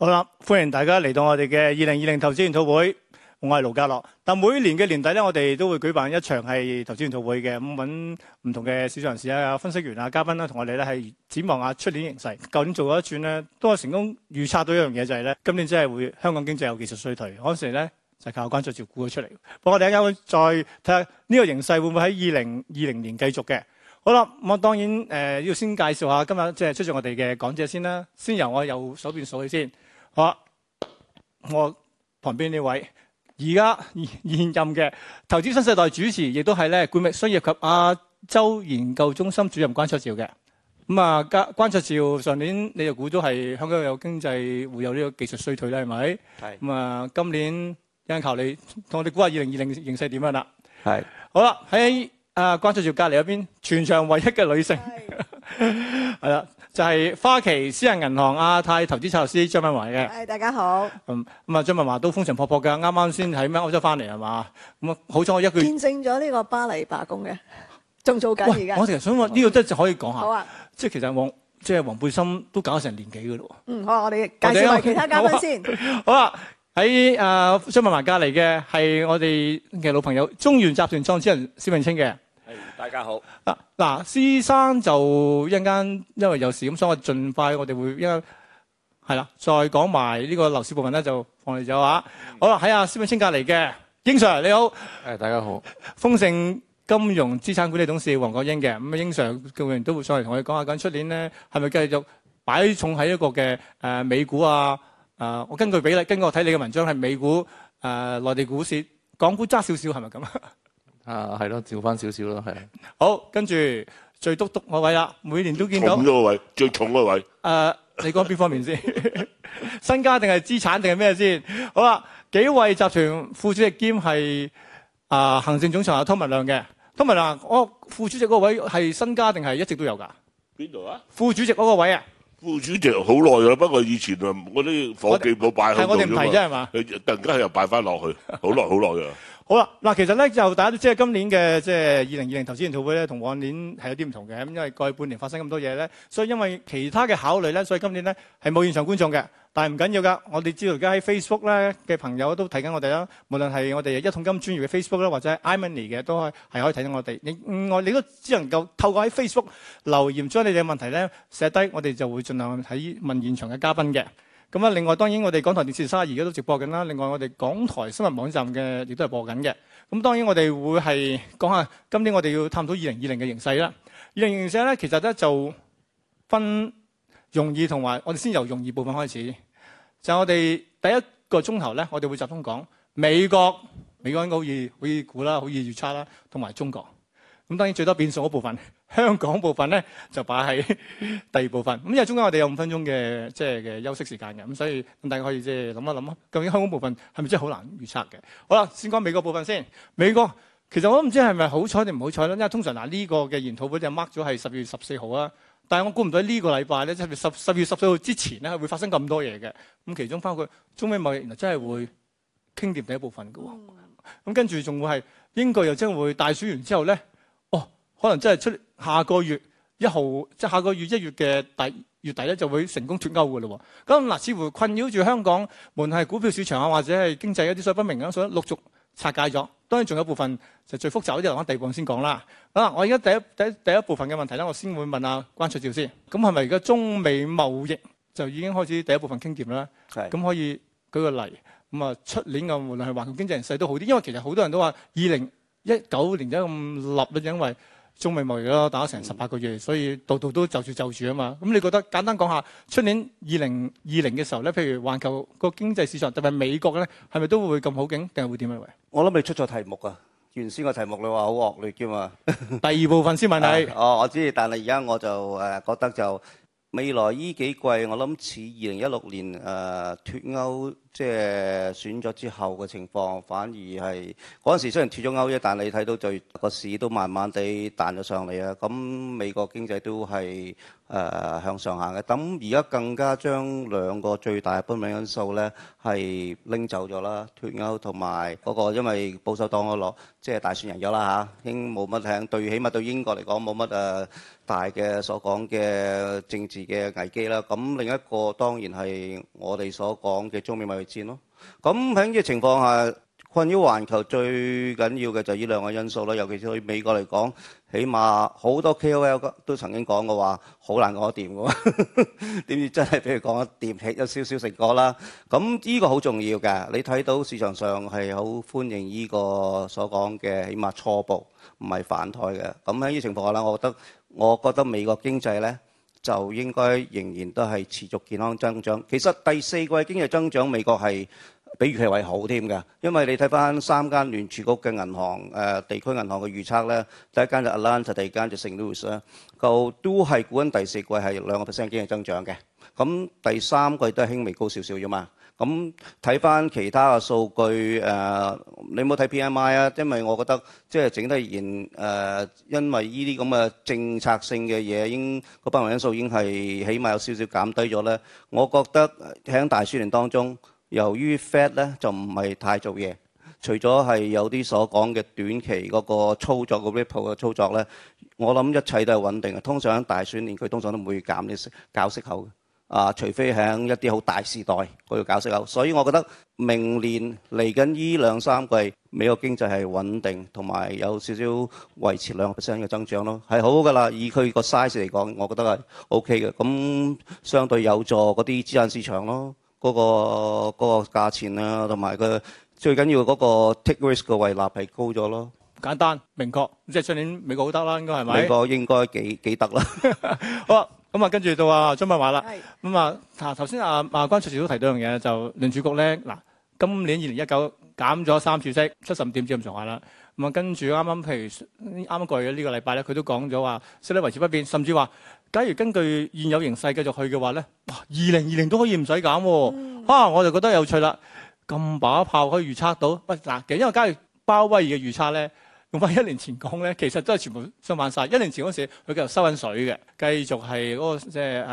好啦，歡迎大家嚟到我哋嘅二零二零投資研討會，我係盧家樂。但每年嘅年底咧，我哋都會舉辦一場係投資研討會嘅，咁揾唔同嘅市場人士啊、分析員啊、嘉賓啦，同我哋咧係展望下出年形勢。舊年做咗一轉咧，都係成功預測到一樣嘢，就係咧今年真係會香港經濟有技術衰退，嗰陣時咧就是、靠關焯照估咗出嚟。不過我哋一陣會再睇下呢個形勢會唔會喺二零二零年繼續嘅。好啦，我當然誒、呃、要先介紹下今日即係出席我哋嘅講者先啦，先由我右手邊數起先。好啦，我旁邊呢位而家現任嘅投資新世代主持，亦都係咧管理商業及亞洲研究中心主任關焯照嘅。咁啊，關關焯照上年你就估到係香港有經濟會有呢個技術衰退咧，係咪？係。咁啊，今年有人求你同我哋估下二零二零形勢點樣啦。係。好啦，喺阿關焯照隔離嗰邊，全場唯一嘅女性，係啦。就係花旗私人銀行亞，啊、太投資策劃師張敏華嘅，係大家好。嗯，咁啊，張敏華都風塵仆僕嘅，啱啱先喺歐洲翻嚟係嘛？咁啊，嗯、好彩我一句，見證咗呢個巴黎罷工嘅，仲做緊而家。我，這個啊、其實想話呢個真係可以講下。好啊，即係其實黃，即係黃背心都搞成年幾嘅咯。嗯，好我哋介紹埋其他嘉賓先。啊、好啦、啊，喺啊， 啊張敏華隔離嘅係我哋嘅老朋友中原集團創始人施永青嘅。大家好啊，嗱，施生就一陣間，因為有事咁，所以我盡快我哋會應該係啦，再講埋呢個樓市部分咧，就放你走啊。好啦。喺阿施永青隔離嘅英常，你好，誒、啊、大家好，豐盛金融資產管理董事黃國英嘅，咁啊，英常最近都會上嚟同我哋講下緊，出年咧係咪繼續擺重喺一個嘅誒、呃、美股啊？誒、呃，我根據比例，根據我睇你嘅文章係美股誒、呃，內地股市、港股揸少少係咪咁啊？是 啊，係咯，調翻少少咯，係。好，跟住最督篤個位啦，每年都見到。位，最重嗰位。誒、啊，你講邊方面先？身 家定係資產定係咩先？好啦，紀惠集團副主席兼係啊行政總裁有湯文亮嘅。湯文亮，我副主席嗰個位係身家定係一直都有㗎？邊度啊？副主席嗰個位啊？副主席好耐啦，不過以前啊，我啲伙計冇擺喺係我哋唔係啫係嘛？突然間又擺翻落去，好耐好耐啊！好啦，嗱，其實咧就大家都知係今年嘅即係二零二零投資研討會咧，同往年係有啲唔同嘅，咁因為過去半年發生咁多嘢咧，所以因為其他嘅考慮咧，所以今年咧係冇現場觀眾嘅。但係唔緊要噶，我哋知道而家喺 Facebook 咧嘅朋友都睇緊我哋啦。無論係我哋一桶金專業嘅 Facebook 啦，或者 iMoney 嘅，都係係可以睇緊我哋。另外你都只能夠透過喺 Facebook 留言將你哋嘅問題咧寫低，我哋就會盡量喺問現場嘅嘉賓嘅。咁啊，另外當然我哋港台電視三十二而家都直播緊啦。另外我哋港台新聞網站嘅亦都係播緊嘅。咁當然我哋會係講下今年我哋要探討二零二零嘅形勢啦。二零二零嘅形勢咧，其實咧就分容易，同埋我哋先由容易部分開始。就我哋第一個鐘頭咧，我哋會集中講美國、美國應該好易好易估啦，好易預測啦，同埋中國。咁當然最多變數嗰部分。香港部分咧就擺喺第二部分。咁因為中間我哋有五分鐘嘅即係嘅休息時間嘅，咁所以大家可以即係諗一諗咯。究竟香港部分係咪真係好難預測嘅？好啦，先講美國部分先。美國其實我都唔知係咪好彩定唔好彩啦。因為通常嗱，呢個嘅研討會就 mark 咗係十二月十四號啦。但係我估唔到呢個禮拜咧，即係十十二月十四號之前咧係會發生咁多嘢嘅。咁其中包括中美貿易原來真係會傾掂第一部分嘅喎。咁跟住仲會係英國又將會大選完之後咧。可能真係出下個月一號，即係下個月一月嘅第月底咧就會成功脱鉤嘅咯。咁嗱，似乎困擾住香港，無論係股票市場啊，或者係經濟一啲所不明啊，所以陸續拆解咗。當然仲有部分就最複雜嗰啲，留返地磅先講啦。好啦，我而家第一第一第一第一部分嘅問題咧，我先會問阿關焯照先。咁係咪而家中美貿易就已經開始第一部分傾掂咧？係咁是可以舉個例咁啊，出年嘅無論係環球經濟形勢都好啲，因為其實好多人都話二零一九年就咁立，就因為。中美貿易戰咯，打咗成十八個月，嗯、所以度度都就住就住啊嘛。咁你覺得簡單講下，出年二零二零嘅時候咧，譬如環球個經濟市場，特別係美國咧，係咪都會咁好景定係會點樣？我諗你出咗題目啊！原先個題目你話好惡劣㗎嘛。 第二部分先問你、 啊。哦，我知，但係而家我就誒、呃、覺得就未來呢幾季，我諗似二零一六年誒脱、呃、歐。即係選咗之後嘅情況，反而係嗰陣時雖然脫咗歐啫，但你睇到對個市都慢慢地彈咗上嚟啊，咁美國經濟都係誒、呃、向上行嘅。咁而家更加將兩個最大嘅不明因素咧，係拎走咗啦。脫歐同埋嗰個因為保守黨嘅落，即係大選贏咗啦吓，已經冇乜係，對，起碼對英國嚟講冇乜誒大嘅所講嘅政治嘅危機啦。咁另一個當然係我哋所講嘅中美位置咯，咁喺呢個情況下困擾環球最緊要嘅就係呢兩個因素啦。尤其是對美國嚟講，起碼好多 KOL 都曾經講過話好難講得掂嘅， 點知真係畀佢講得掂，起有少少成果啦。咁呢個好重要嘅，你睇到市場上係好歡迎呢個所講嘅，起碼初步唔係反台嘅。咁喺呢個情況下咧，我覺得我覺得美國經濟呢。就應該仍然都係持續健康增長。其實第四季經濟增長美國係比預期為好添㗎，因為你睇翻三間聯儲局嘅銀行誒、呃、地區銀行嘅預測呢，第一間就 Atlanta，第二間就 St. Louis，就都係估緊第四季係兩個 percent 經濟增長嘅。咁第三季都係輕微高少少啫嘛。咁睇翻其他嘅數據，誒、呃、你冇睇 P M I 啊，因為我覺得即係、就是、整體而言，誒、呃、因為呢啲咁嘅政策性嘅嘢，嗰部分因素已經係起碼有少少減低咗咧。我覺得喺大選年當中，由於 Fed 咧就唔係太做嘢，除咗係有啲所講嘅短期嗰個操作，嗰個 Ripple 嘅操作咧，我諗一切都係穩定嘅。通常喺大選年，佢通常都唔會減啲息搞息口。啊，除非喺一啲好大時代要搞息口，所以我覺得明年嚟緊呢兩三季，美國經濟係穩定同埋有少少維持兩個 percent 嘅增長咯，係好噶啦。以佢個 size 嚟講，我覺得係 OK 嘅。咁相對有助嗰啲資產市場咯，嗰個嗰個價錢啊，同埋嘅最緊要嗰個 take risk 嘅維納係高咗咯。簡單明確，即係上年美國好得啦，應該係咪？美國應該幾幾得啦。 好。咁啊，跟住到啊張敏華啦。咁啊，頭頭先阿啊關焯照都提到樣嘢，就聯儲局咧，嗱，今年二零一九減咗三次息，七十五點之咁上下啦。咁啊，跟住啱啱譬如啱啱過咗呢個禮拜咧，佢都講咗話息率維持不變，甚至話假如根據現有形勢繼續去嘅話咧，二零二零都可以唔使減。嗯、啊，我就覺得有趣啦，咁把炮可以預測到。喂，嗱，因為假如鮑威爾嘅預測咧。用翻一年前講咧，其實都係全部相反晒。一年前嗰時佢繼續收緊水嘅，繼續係嗰、嗰個即係誒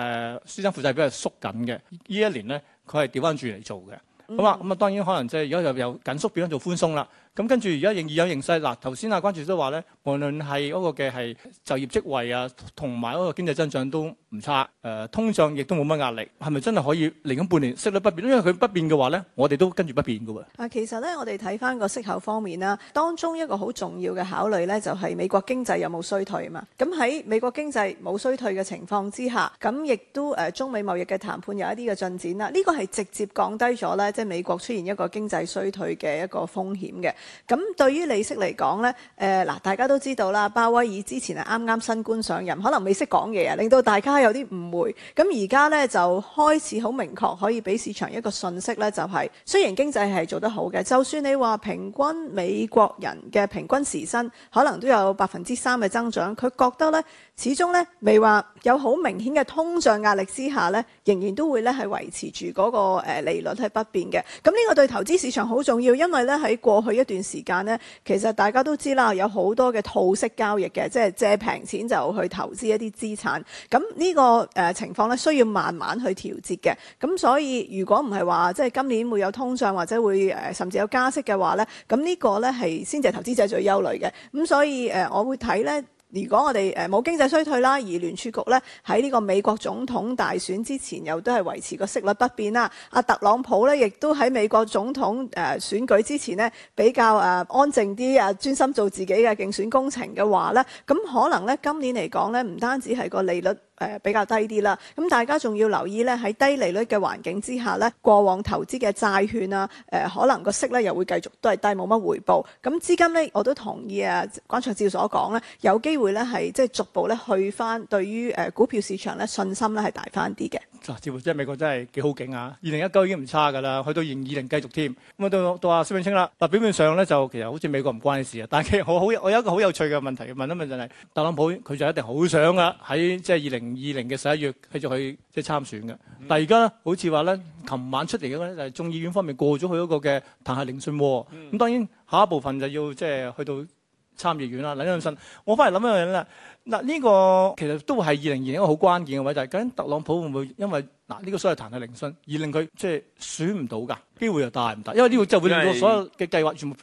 資產負債表縮緊嘅。呢一年咧，佢係調翻轉嚟做嘅。好啊、嗯，咁啊、嗯，當然可能即係而家又由緊縮變咗做寬鬆啦。跟住而家仍然有形勢嗱，頭先啊關主席都話咧，無論係嗰個嘅係就業職位啊，同埋嗰個經濟增長都唔差，通脹亦都冇乜壓力，係咪真係可以嚟緊半年息率不變？因為佢不變嘅話呢，我哋都跟住不變嘅喎。其實咧，我哋睇返個息口方面啦，當中一個好重要嘅考慮呢，就係美國經濟有冇衰退嘛。咁喺美國經濟冇衰退嘅情況之下，咁亦都誒中美貿易嘅談判有一啲嘅進展啦。呢個係直接降低咗咧，即係美國出現一個經濟衰退嘅一個風險嘅。咁對於利息嚟講呢，誒、呃、嗱，大家都知道啦。鮑威爾之前係啱啱新官上任，可能未識講嘢啊，令到大家有啲誤會。咁而家呢，就開始好明確，可以俾市場一個訊息呢，就係、是、雖然經濟係做得好嘅，就算你話平均美國人嘅平均時薪可能都有百分之三嘅增長，佢覺得呢，始終呢，未話有好明顯嘅通脹壓力之下呢。仍然都會咧係維持住嗰個利率係不變嘅。咁呢個對投資市場好重要，因為咧喺過去一段時間咧，其實大家都知啦，有好多嘅套息交易嘅，即係借平錢就去投資一啲資產。咁呢個誒情況咧需要慢慢去調節嘅。咁所以如果唔係話即係今年會有通脹或者會誒甚至有加息嘅話咧，咁呢個咧係先至係投資者最憂慮嘅。咁所以誒，我會睇咧。如果我哋誒冇經濟衰退啦，而聯儲局咧喺呢個美國總統大選之前又都係維持個息率不變啦，阿特朗普咧亦都喺美國總統誒選舉之前咧比較誒安靜啲啊，專心做自己嘅競選工程嘅話咧，咁可能咧今年嚟講咧唔單止係個利率。誒比較低啲啦，咁大家仲要留意咧，喺低利率嘅環境之下咧，過往投資嘅債券啊，誒可能個息咧又會繼續都係低，冇乜回報。咁資金咧，我都同意啊，關焯照所講咧，有機會咧係即係逐步咧去翻對於誒股票市場咧信心咧係大翻啲嘅。即係美國真係幾好景啊！二零一九已經唔差㗎啦，去到二零二零繼續添。咁啊到到阿施永青啦，嗱表面上咧就其實好似美國唔關你事啊，但係我好，好我有一個好有趣嘅問題問一問就係、是，特朗普佢就一定好想啊喺即係二零二零嘅十一月繼續去即係參選嘅。但係而家好似話咧，琴晚出嚟嘅咧就係、是、眾議院方面過咗佢嗰個嘅彈劾聆訊喎。咁當然下一部分就要即係、就是、去到。參議院啦，林鄭信，我翻嚟諗一樣嘢啦。嗱，呢個其實都係二零二零一個好關鍵嘅位，就係究竟特朗普會唔會因為嗱呢、這個所謂彈劾嘅聆訊而令佢即係選唔到㗎？機會又大唔大？因為呢個就會令到所有嘅計劃全部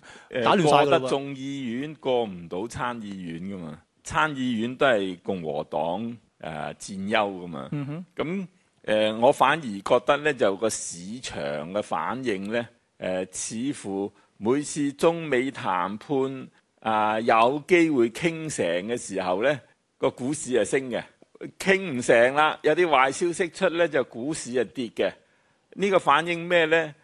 打亂曬㗎喎。呃、過得眾議院過唔到參議院㗎嘛？參議院都係共和黨誒佔優㗎嘛？嗯、哼，咁誒、嗯嗯嗯、我反而覺得咧，就有個市場嘅反應咧誒、呃，似乎每次中美談判。啊，有機會傾成嘅時候呢個股市係升嘅；傾唔成啦，有啲壞消息出呢，就股市係跌嘅。呢、呢個反映咩呢？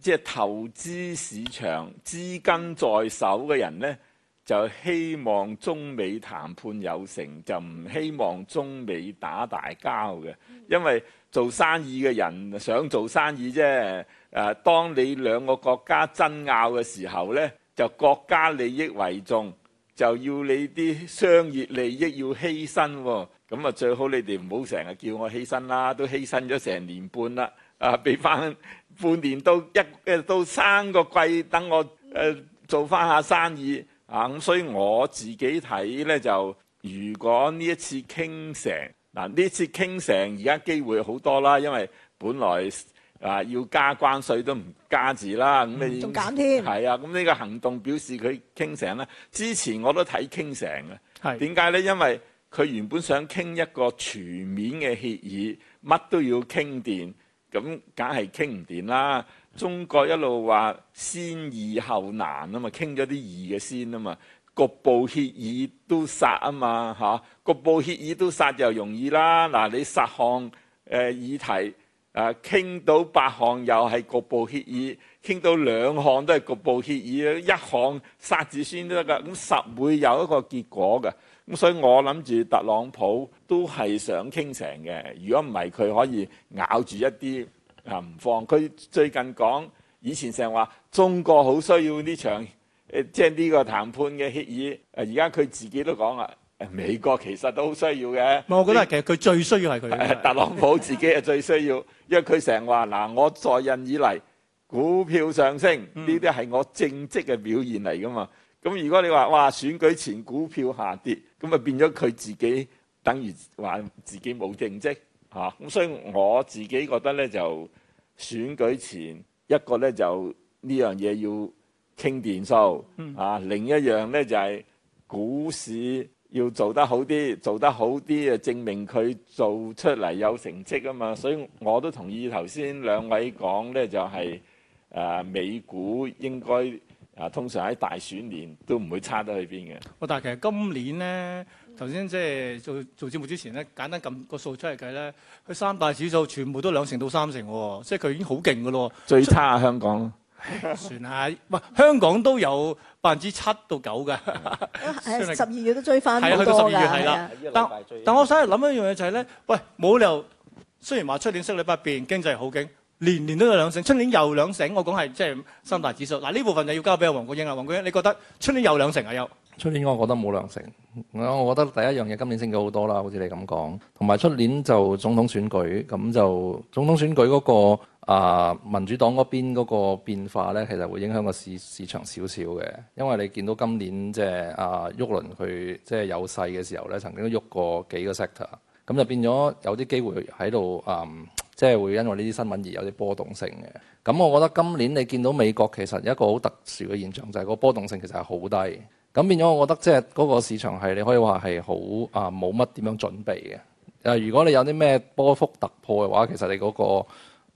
即係投資市場資金在手嘅人呢，就希望中美談判有成，就唔希望中美打大交嘅。因為做生意嘅人想做生意啫。誒、啊，當你兩個國家爭拗嘅時候呢。就國家利益為重，就要你啲商業利益要犧牲喎。咁啊，最好你哋唔好成日叫我犧牲啦，都犧牲咗成年半啦。啊，俾翻半年到一到三個季，等我誒、呃、做翻下生意啊。咁所以我自己睇呢，就如果呢一次傾成嗱，呢一次傾成而家機會好多啦，因為本來。啊！要加關稅都唔加字啦，咁、嗯、你仲減添？係啊，咁呢個行動表示佢傾成啦。之前我都睇傾成嘅，點解咧？因為佢原本想傾一個全面嘅協議，乜都要傾掂，咁梗係傾唔掂啦。中國一路話先易後難啊嘛，傾咗啲易嘅先啊嘛，局部協議都殺嘛啊嘛嚇，局部協議都殺就容易啦。嗱，你殺項誒、呃、議題。誒傾，啊、到八項又係局部協議，傾到兩項都係局部協議，一項殺字先都得噶，咁實會有一個結果嘅。咁所以我諗住特朗普都係想傾成嘅。如果唔係，佢可以咬住一啲啊，唔放。佢最近講，以前成日話中國好需要呢場誒，即係呢個談判嘅協議。誒、啊，而家佢自己都講啊。美國其實都好需要嘅，我覺得你其實佢最需要係佢。特朗普自己係最需要， 因為佢成日話嗱，我在任以嚟股票上升呢啲係我政績嘅表現嚟㗎嘛。咁如果你話哇，選舉前股票下跌，咁咪變咗佢自己等於話自己冇政績嚇。咁所以我自己覺得咧，就選舉前一個咧就呢樣嘢要傾電數啊，嗯、另一樣咧就係、是、股市，要做得好啲，做得好啲啊！證明佢做出嚟有成績啊嘛，所以我都同意頭先兩位講咧，就係、是、誒、呃、美股應該啊，通常喺大選年都唔會差得去邊嘅。哦，但係其實今年咧，頭先即係做做節目之前咧，簡單撳個數出嚟計咧，佢三大指數全部都兩成到三成喎，哦，即係佢已經好勁嘅咯。最差係香港。算下，唔香港都有百分之七到九嘅。誒，十二月都追翻啲多啦。係啦，但但我想諗一樣嘢就係咧，喂，冇理由。雖然話出年息率不變，經濟好景，年年都有兩成，出年又兩成。我講係即係三大指數。嗱，呢部分就要交俾阿黃國英啦。黃國英，你覺得出年有兩成啊？又？出年我覺得冇良性。我覺得第一樣嘢今年升咗好多啦，好似你咁講。同埋出年就總統選舉，咁就總統選舉嗰個啊民主黨嗰邊嗰個變化咧，其實會影響個市市場少少嘅。因為你見到今年、啊、輪即係啊沃倫佢即係有勢嘅時候咧，曾經都喐過幾個 sector，咁就變咗有啲機會喺度嗯，即係會因為呢啲新聞而有啲波動性嘅。咁我覺得今年你見到美國其實有一個好特殊嘅現象，就係個波動性其實係好低。咁變咗，我覺得即係嗰個市場係你可以話係好啊冇乜點樣準備嘅。誒，如果你有啲咩波幅突破嘅話，其實你嗰個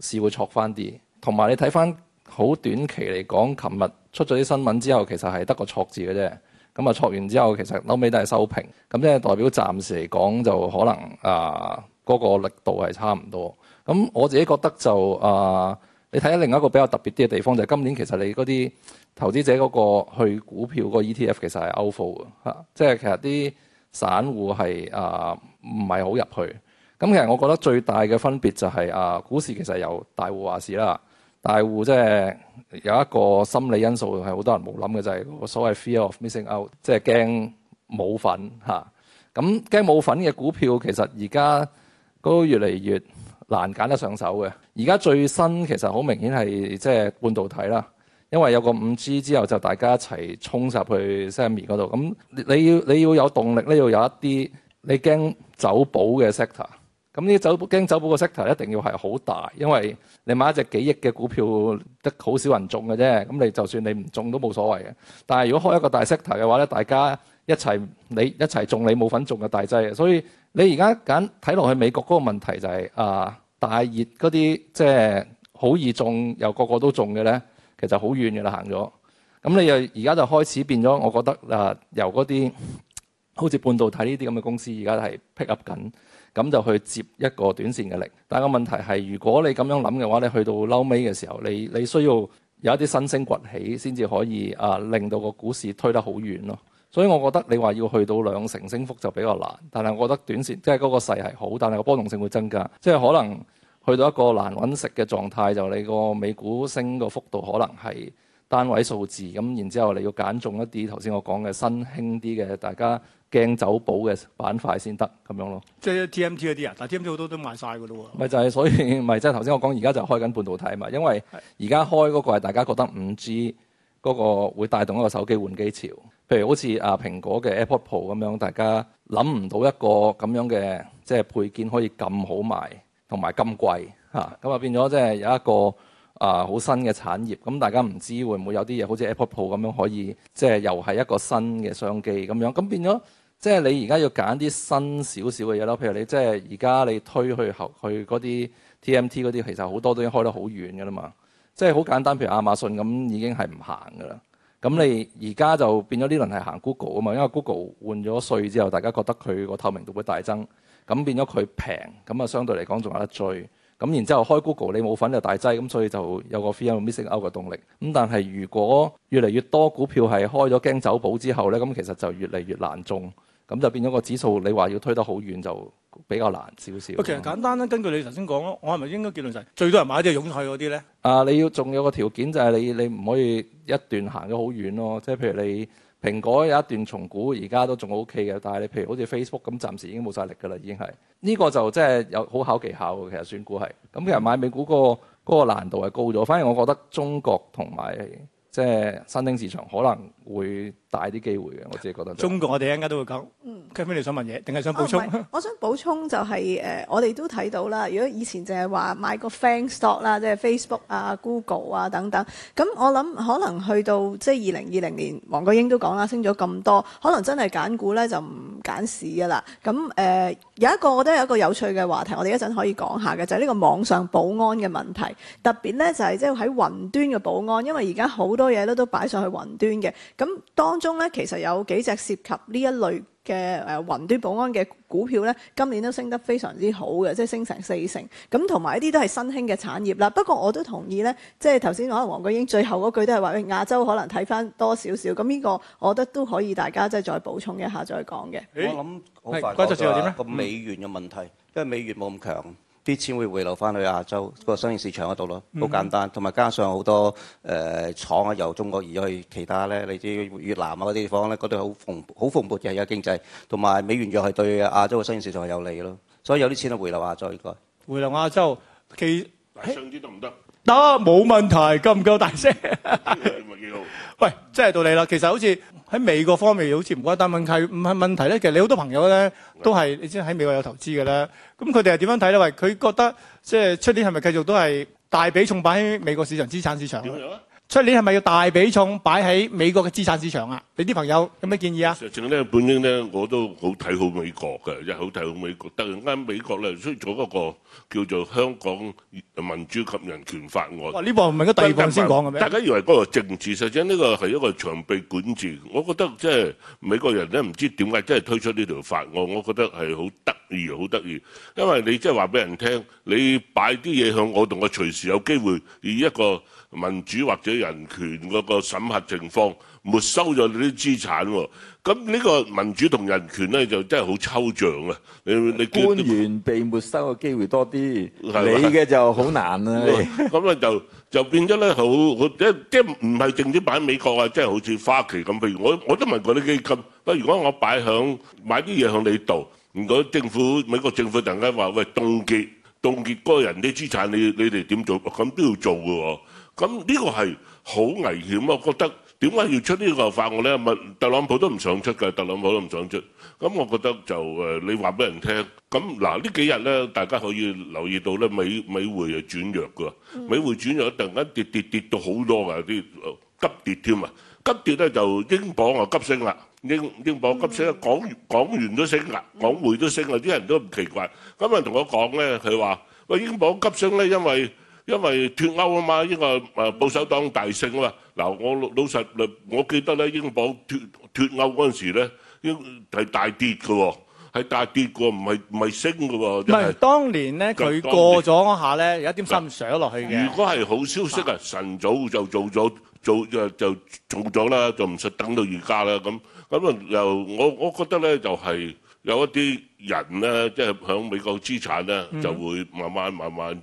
市會挫翻啲。同埋你睇翻好短期嚟講，琴日出咗啲新聞之後，其實係得個挫字嘅啫。咁啊挫完之後，其實後尾都係收平。咁即係代表暫時嚟講就可能啊嗰個力度係差唔多。咁我自己覺得就啊，你睇下另一個比較特別啲嘅地方就係今年其實你嗰啲。投資者嗰個去股票嗰個 ETF 其實係 o 負嘅嚇，即係其實啲散戶係啊唔係好入去。咁、啊、其實我覺得最大嘅分別就係、是、啊，股市其實由大戶話事啦。大戶即係有一個心理因素係好多人冇諗嘅就係、是、個所謂 Fear of Missing Out，即係驚冇份。嚇、啊。咁驚冇份嘅股票其實而家都越嚟越難揀得上手嘅。而家最新其實好明顯係即係半導體啦。因為有個五 G 之後，就大家一齊衝入去 semi 嗰度。咁你要你要有動力，你要有一啲你驚走寶嘅 sector。咁呢啲走驚走寶嘅 sector 一定要係好大，因為你買一隻幾億嘅股票，得好少人中嘅啫。咁你就算你唔中都冇所謂嘅。但係如果開一個大 sector 嘅話咧，大家一齊你一齊中你冇份中嘅大劑啊！所以你而家揀睇落去美國嗰個問題就係啊大熱嗰啲即係好易中又個個都中嘅咧。其實好遠嘅啦，行咗。咁你又而家就開始變咗，我覺得啊、呃，由嗰啲好似半導體呢啲咁嘅公司，而家係 pick up 緊，咁就去接一個短線嘅力。但係個問題係，如果你咁樣諗嘅話，你去到撈尾嘅時候，你你需要有一啲新星崛起，先至可以啊、呃，令到個股市推得好遠咯。所以我覺得你話要去到兩成升幅就比較難。但係我覺得短線即係嗰個勢係好，但係個波動性會增加，即係可能。去到一個難揾食嘅狀態，就你個美股升個幅度可能係單位數字咁，然之後你要揀中一啲頭先我講嘅新興啲嘅，大家驚走寶嘅板塊先得咁樣咯。即係 TMT 嗰啲啊，但 TMT 好多都賣晒㗎咯喎。咪就係，所以咪即係頭先我講，而家就開緊半導體嘛，因為而家開嗰個係大家覺得五 G 嗰個會帶動一個手機換機潮，譬如好似啊蘋果嘅 Apple Pro 咁樣，大家諗唔到一個咁樣嘅即係配件可以咁好賣。同埋金貴嚇，咁啊變咗即係有一個啊好、呃、新嘅產業，咁大家唔知會唔會有啲嘢好似 Apple Store 咁樣可以，即係又係一個新嘅商機咁樣，咁變咗即係你而家要揀啲新少少嘅嘢咯，譬如你即係而家你推去後去嗰啲 TMT 嗰啲，其實好多都已經開得好遠嘅啦嘛，即係好簡單，譬如亞馬遜咁已經係唔行嘅啦，咁你而家就變咗呢輪係行 Google 啊嘛，因為 Google 換咗稅之後，大家覺得佢個透明度會大增。咁變咗佢平，咁啊相對嚟講仲有得追。咁然之後開 Google，你冇份你就大劑，咁所以就有個 fill missing out 嘅動力。咁但係如果越嚟越多股票係開咗驚走寶之後咧，咁其實就越嚟越難中。咁就變咗個指數，你話要推得好遠就比較難少少。其實簡單啦，根據你頭先講，我係咪應該結論就係最多人買即係湧入嗰啲咧？啊，你要仲有個條件就係你你唔可以一段行咗好遠咯，即係譬如你。蘋果有一段重估，而家都仲 OK 嘅。但係你譬如好似 Facebook 咁，暫時已經冇晒力㗎喇，已經係呢個就即係有好考技巧嘅。其實選股係咁，其實買美股個嗰個難度係高咗。反而我覺得中國同埋即係新興市場可能會。大啲機會嘅，我自己覺得、就是。中國我哋一陣間都會講。嗯，Kevin 你想問嘢，定係想補充、哦？我想補充就係、是、誒、呃，我哋都睇到啦。如果以前淨係話買個 FANG stock 啦，即係 Facebook 啊、Google 啊等等。咁我諗可能去到即係二零二零年，黃國英都講啦，升咗咁多，可能真係揀股咧就唔揀市噶啦。咁誒、呃、有一個我覺得有一個有趣嘅話題，我哋一陣可以講下嘅，就係、是、呢個網上保安嘅問題。特別咧就係即係喺雲端嘅保安，因為而家好多嘢咧都擺上去雲端嘅。咁當中咧其實有幾隻涉及呢一類嘅誒、啊、雲端保安嘅股票咧，今年都升得非常之好嘅，即係升成四成。咁同埋一啲都係新興嘅產業啦。不過我都同意咧，即係頭先可能黃國英最後嗰句都係話、欸，亞洲可能睇翻多少少。咁呢個我覺得都可以大家即係再補充一下再講嘅。欸、我諗好快關注點咧？咁美元嘅問題，嗯、因為美元冇咁強。啲錢會回流翻去亞洲個商業市場嗰度咯，好簡單。同埋加上好多誒廠啊，由中國移去其他咧，你知越南啊啲地方咧，嗰度好蓬勃，好蓬勃嘅而家經濟。同埋美元又係對亞洲嘅商業市場有利咯。所以有啲錢啊回流亞洲呢、這個。回流亞洲其上聲啲得唔得？ 得，啊，冇問題，夠唔夠大聲？ 喂，真係到你啦。其實好似喺美國方面好，好似唔關單問題，唔係問題咧。其實你好多朋友咧都係，你知喺美國有投資嘅啦。咁佢哋係點樣睇咧？喂，佢覺得即係出年係咪繼續都係大比重擺喺美國市場、資產市場？所以你係咪要大比重擺喺美國嘅資產市場啊？你啲朋友有咩建議啊？實質咧，本應咧，我都好睇好美國嘅，即係好睇好美國。突然間美國咧，需要做一個叫做香港民主及人權法案。哇！呢部唔係應該第二部先講嘅咩？大家以為嗰個政治，實際呢個係一個長臂管治。我覺得即係美國人咧，唔知點解真係推出呢條法案，我覺得係好得意，好得意。因為你即係話俾人聽，你擺啲嘢向我同我隨時有機會以一個。民主或者人權嗰個審核情況，沒收咗你啲資產喎。咁呢個民主同人權咧，就真係好抽象啊！你你官員被沒收嘅機會多啲，你嘅就好難喇。咁咧就就變咗咧，好即即唔係淨止擺喺美國啊，即係好似花旗咁。譬如我我都問過啲基金，不如果我擺響買啲嘢向你度，如果政府美國政府突然間話，喂，凍結凍結嗰個人啲資產，你你哋點做？咁都要做㗎喎。咁呢個係好危險啊，我覺得點解要出呢個法案咧？問特朗普都唔想出嘅，特朗普都唔想出。咁我覺得就誒，你話俾人聽。咁嗱，呢幾日咧，大家可以留意到咧，美美匯係轉弱嘅，美匯轉弱，突然間跌跌跌到好多嘅，啲急跌添啊！急跌咧就英鎊啊急升啦，英英鎊急升，港港元都升啦，港匯都升啦，啲人都唔奇怪。咁有人同我講咧，佢話：喂，英鎊急升咧，因為因為脫歐啊嘛，英國保守黨大勝啊嘛。嗱，我老實，我記得咧，英國脫脫歐嗰陣時咧，英係大跌嘅喎，係大跌嘅喎，唔係唔係升嘅喎。唔係是，就是、當年咧佢過咗嗰下咧，年有一點心想落去嘅。如果係好消息啊，晨早就做咗做就做咗啦，就唔使等到而家啦咁。咁啊又，我我覺得咧就係、是、有一啲人咧，即係喺美國資產咧就會慢慢慢慢。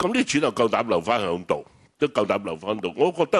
咁啲錢就夠膽留翻響度，都夠膽留翻度。我覺得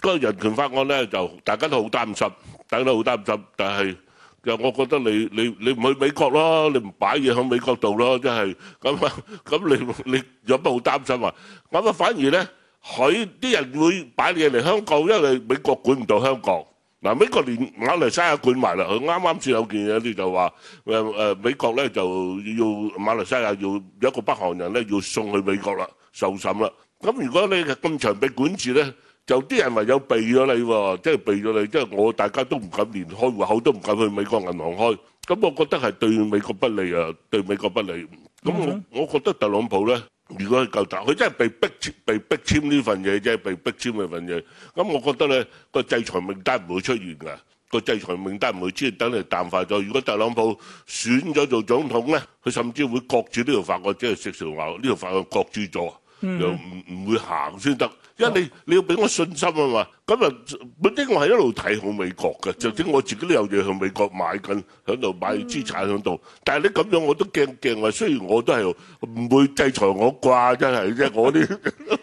嗰個人權法案咧就大家都好擔心，等得好擔心。但係又我覺得你你你唔去美國咯，你唔擺嘢響美國度咯，即係咁啊。咁你你有乜好擔心啊？我話反而咧，佢啲人會擺嘢嚟香港，因為美國管唔到香港。嗱，美國連馬來西亞管埋啦。佢啱啱先有件嘢，就話誒誒美國咧就要馬來西亞要一個北韓人咧要送去美國啦。受審啦，咁如果你咁長被管住咧，就啲人唯有避咗你喎，即係避咗你，即係我大家都唔敢連開戶口都唔敢去美國銀行開。咁我覺得係對美國不利啊，對美國不利。咁我覺得特朗普咧，如果係夠膽，佢真係被逼簽，被逼簽呢份嘢啫，被逼簽呢份嘢。咁我覺得咧個制裁名單唔會出現㗎，個制裁名單唔會出現，等你淡化咗。如果特朗普選咗做總統咧，佢甚至會擱住呢條法規，即係食條牛，呢條法規擱住咗。嗯、又唔唔會行先得，因為你你要俾我信心啊嘛。咁啊，本身我係一路睇好美國嘅，嗯、甚至我自己都有嘢向美國買緊，喺度買資產喺度。但係你咁樣我都驚驚，話雖然我都係唔會制裁我啩，真係啫，我啲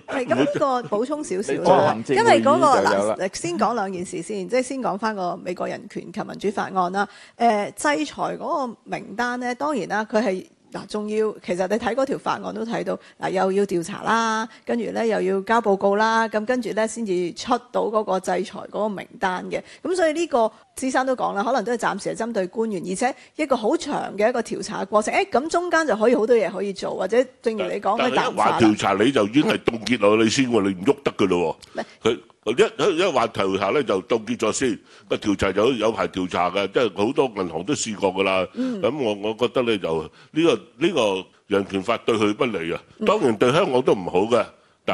係咁個補充少少，因為嗰、嗰個嗱，先講兩件事先，即係先講翻個美國人權及民主法案啦。誒、呃，制裁嗰個名單咧，當然啦，佢係。嗱，仲、啊、要其實你睇嗰條法案都睇到，嗱、啊、又要調查啦，跟住咧又要交報告啦，咁跟住咧先至出到嗰個制裁嗰個名單嘅。咁、啊、所以呢、這個資生都講啦，可能都係暫時係針對官員，而且一個好長嘅一個調查過程。誒、哎，咁中間就可以好多嘢可以做，或者正如你講嘅調查。但係你話調查你就已經係凍結落你先喎，你唔喐得㗎咯喎。佢但。一一一個話題下咧，就凍結咗先。個調查有排調查㗎，即係好多銀行都試過㗎啦。咁我、嗯嗯、我覺得咧，就呢、呢個呢個人權法對佢不利啊，當然對香港都唔好嘅。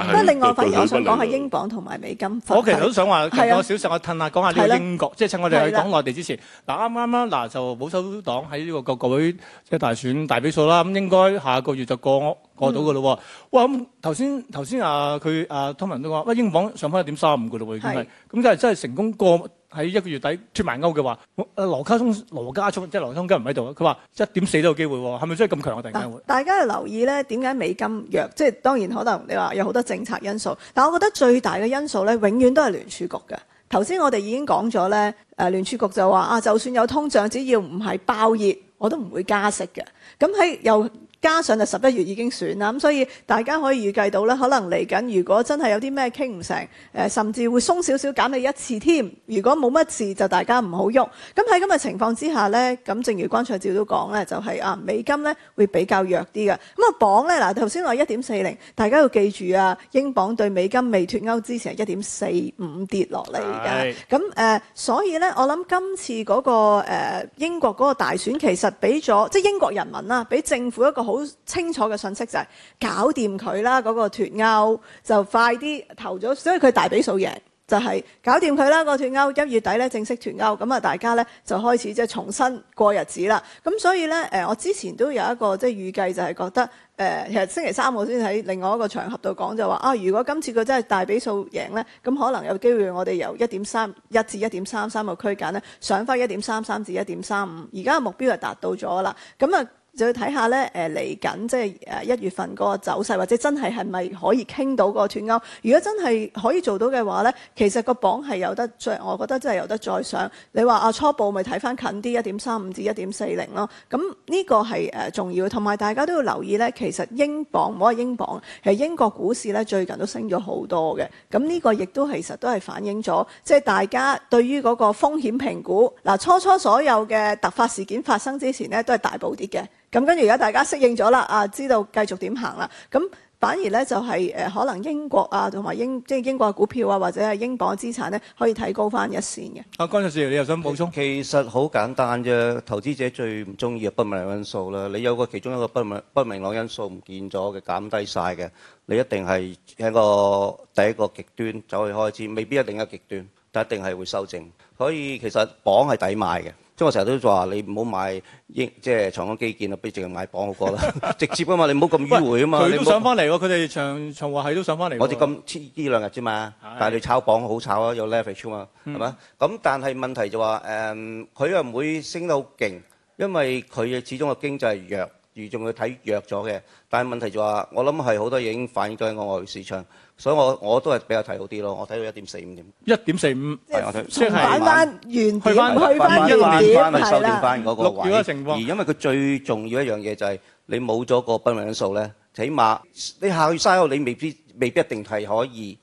咁另外，反而我想講下英鎊同埋美金。我其實都想話，其實我少少我褪下講下呢個英國，的即係趁我哋去講內地之前。嗱的，啱啱啦，嗱就保守黨喺呢個各個位即係大選大比數啦。咁應該下個月就過過到嘅嘞喎。嗯、哇！咁頭先頭先啊，佢啊湯文都講，喂，英鎊上翻一點三五嘅嘞，已經係咁即係真係成功過。喺一個月底脫歐嘅話，誒羅家聰、羅家聰即係羅通家唔喺度啊！佢話一點四都有機會喎，係咪真係咁強我突然間會？大家留意咧，點解美金弱？即係當然可能你話有好多政策因素，但係我覺得最大嘅因素咧，永遠都係聯儲局嘅。頭先我哋已經講咗咧，誒聯儲局就話啊，就算有通脹，只要唔係爆熱，我都唔會加息嘅。咁喺又。加上就十一月已經選啦，咁所以大家可以預計到咧，可能嚟緊如果真係有啲咩傾唔成，誒、呃、甚至會鬆少少減你一次添。如果冇乜事就大家唔好喐。咁喺咁嘅情況之下咧，咁、嗯、正如關焯照都講咧，就係、是、啊美金咧會比較弱啲嘅。咁、嗯、啊鎊咧嗱，頭先話一點四零，大家要記住啊，英鎊對美金未脱歐之前係一點四五跌落嚟嘅。咁誒是、嗯呃，所以咧我諗今次嗰、那個、呃、英國嗰個大選其實俾咗即係英國人民啦、啊，俾政府一個好，好清楚嘅信息，就係搞掂佢啦，嗰、那個脫歐就快啲投咗，所以佢大比數贏就係、是、搞掂佢啦。那個脫歐一月底咧正式脫歐，咁啊大家咧就開始即係、就是、重新過日子啦。咁所以咧誒、呃，我之前都有一個即係預計就係覺得誒、呃，其實星期三我先喺另外一個場合度講就話啊，如果今次佢真係大比數贏咧，咁可能有機會我哋由一點三一至一點三三個區間咧上返一點三三至一點三五，而家嘅目標係達到咗啦，咁啊。就要睇下咧，誒嚟緊即係誒一月份嗰個走勢，或者真係係咪可以傾到個脫歐？如果真係可以做到嘅話咧，其實個鎊係有得再，我覺得真係有得再上。你話啊，初步咪睇翻近啲一點三五至一點四零咯。咁呢、哦這個係誒、呃、重要，同埋大家都要留意咧。其實英鎊唔好話英鎊，其實英國股市咧最近都升咗好多嘅。咁、嗯、呢、這個亦都其實都係反映咗，即、就、係、是、大家對於嗰個風險評估。嗱、呃，初初所有嘅突發事件發生之前咧，都係大暴跌嘅。咁跟住而家大家適應咗啦，啊，知道繼續點行啦。咁反而咧就係誒，可能英國啊，同埋英即係英國嘅股票啊，或者係英鎊資產咧，可以提高翻一線嘅。阿關女士，你又想補充？其實好簡單啫，投資者最唔中意嘅不明朗因素啦。你有個其中一個不明不明朗因素唔見咗嘅，減低晒嘅，你一定係喺個第一個極端走去開始，未必一定嘅極端，但一定係會修正。所以其實綁係抵買嘅。即係我成日都話你唔好買英，即係長江基建啦，不如淨係買榜好過啦，直接噶嘛，你唔好咁迂迴啊嘛。佢都上翻嚟喎，佢哋長長和系都上翻嚟。我哋咁呢兩日啫嘛，但係你炒榜好炒啊，有 leverage 啊嘛，係嘛？咁但係問題就話誒，佢又唔會升得好勁，因為佢嘅始終個經濟弱。預仲要睇弱咗嘅，但係問題就話，我諗係好多嘢已經反映咗喺外國市場，所以我我都係比較睇好啲咯。我睇到一點四五點，一點四五，即係返翻原點，返返一萬點，係啦。六個情況，而因為佢最重要一樣嘢就係你冇咗個不明朗因素咧，起碼你下月三號你未必未必一定係可以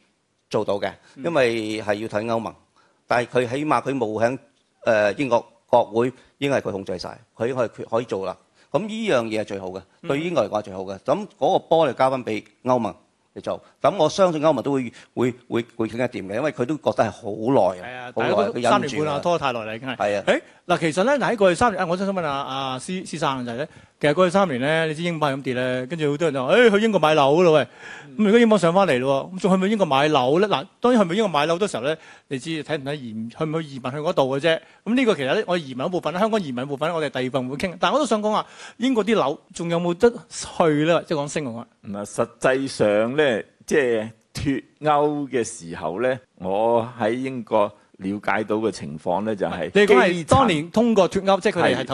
做到嘅，因為係要睇歐盟。但係佢起碼佢冇響誒英國國會，應該係佢控制曬，佢應該係決可以做啦。咁呢樣嘢係最好嘅，嗯、對於英國嚟講係最好嘅。咁、那、嗰個波就交翻俾歐盟嚟做。咁我相信歐盟都會會會傾得掂嘅，因為佢都覺得係好耐啊，好耐，佢忍唔住三年半啊，拖得太耐啦，已經係。係啊。係啊。嗱，其實咧，嗱喺過去三年，啊，我真想問下阿施施生就係、是、咧，其實過去三年咧，你知英鎊咁跌咧，跟住好多人就誒、哎、去英國買樓咯，喂，咁、嗯、如果英鎊上翻嚟咯喎，咁仲去唔去英國買樓咧？嗱、啊，當然去唔去英國買樓，好多時候咧，你知睇唔睇移，去唔去移民去嗰度嘅啫。咁、嗯、呢、這個其實咧，我移民一部分，香港移民部分，我哋第二部分會傾。但係我都想講話，英國啲樓仲有冇得去咧？即係講升㗎。嗱，實際上咧，即係脱歐嘅時候咧，我喺英國。了解到嘅情況呢，就係你講說係基層 當年通過脱歐的即係佢哋係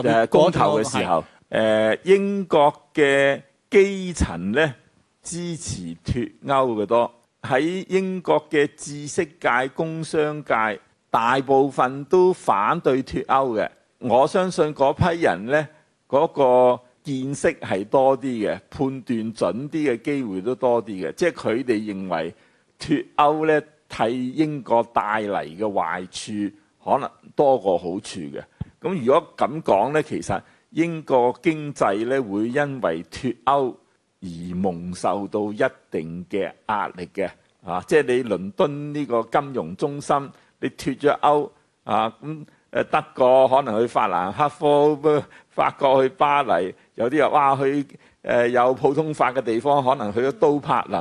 嘅時候，的呃、英國嘅基層咧，支持脱歐嘅多，喺英國嘅知識界、工商界大部分都反對脱歐嘅。我相信嗰批人呢，嗰、那個見識係多啲嘅，判斷準啲嘅機會都多啲嘅，即係佢哋認為脱歐呢。替英國帶嚟嘅壞處可能多過好處嘅，咁如果咁講呢，其實英國經濟呢會因為脱歐而蒙受到一定嘅壓力嘅，啊，即係你倫敦呢個金融中心，你脱咗歐啊，咁誒德國可能去法蘭克福，法國去巴黎，有啲人哇去誒、啊呃、有普通法嘅地方，可能去咗都柏林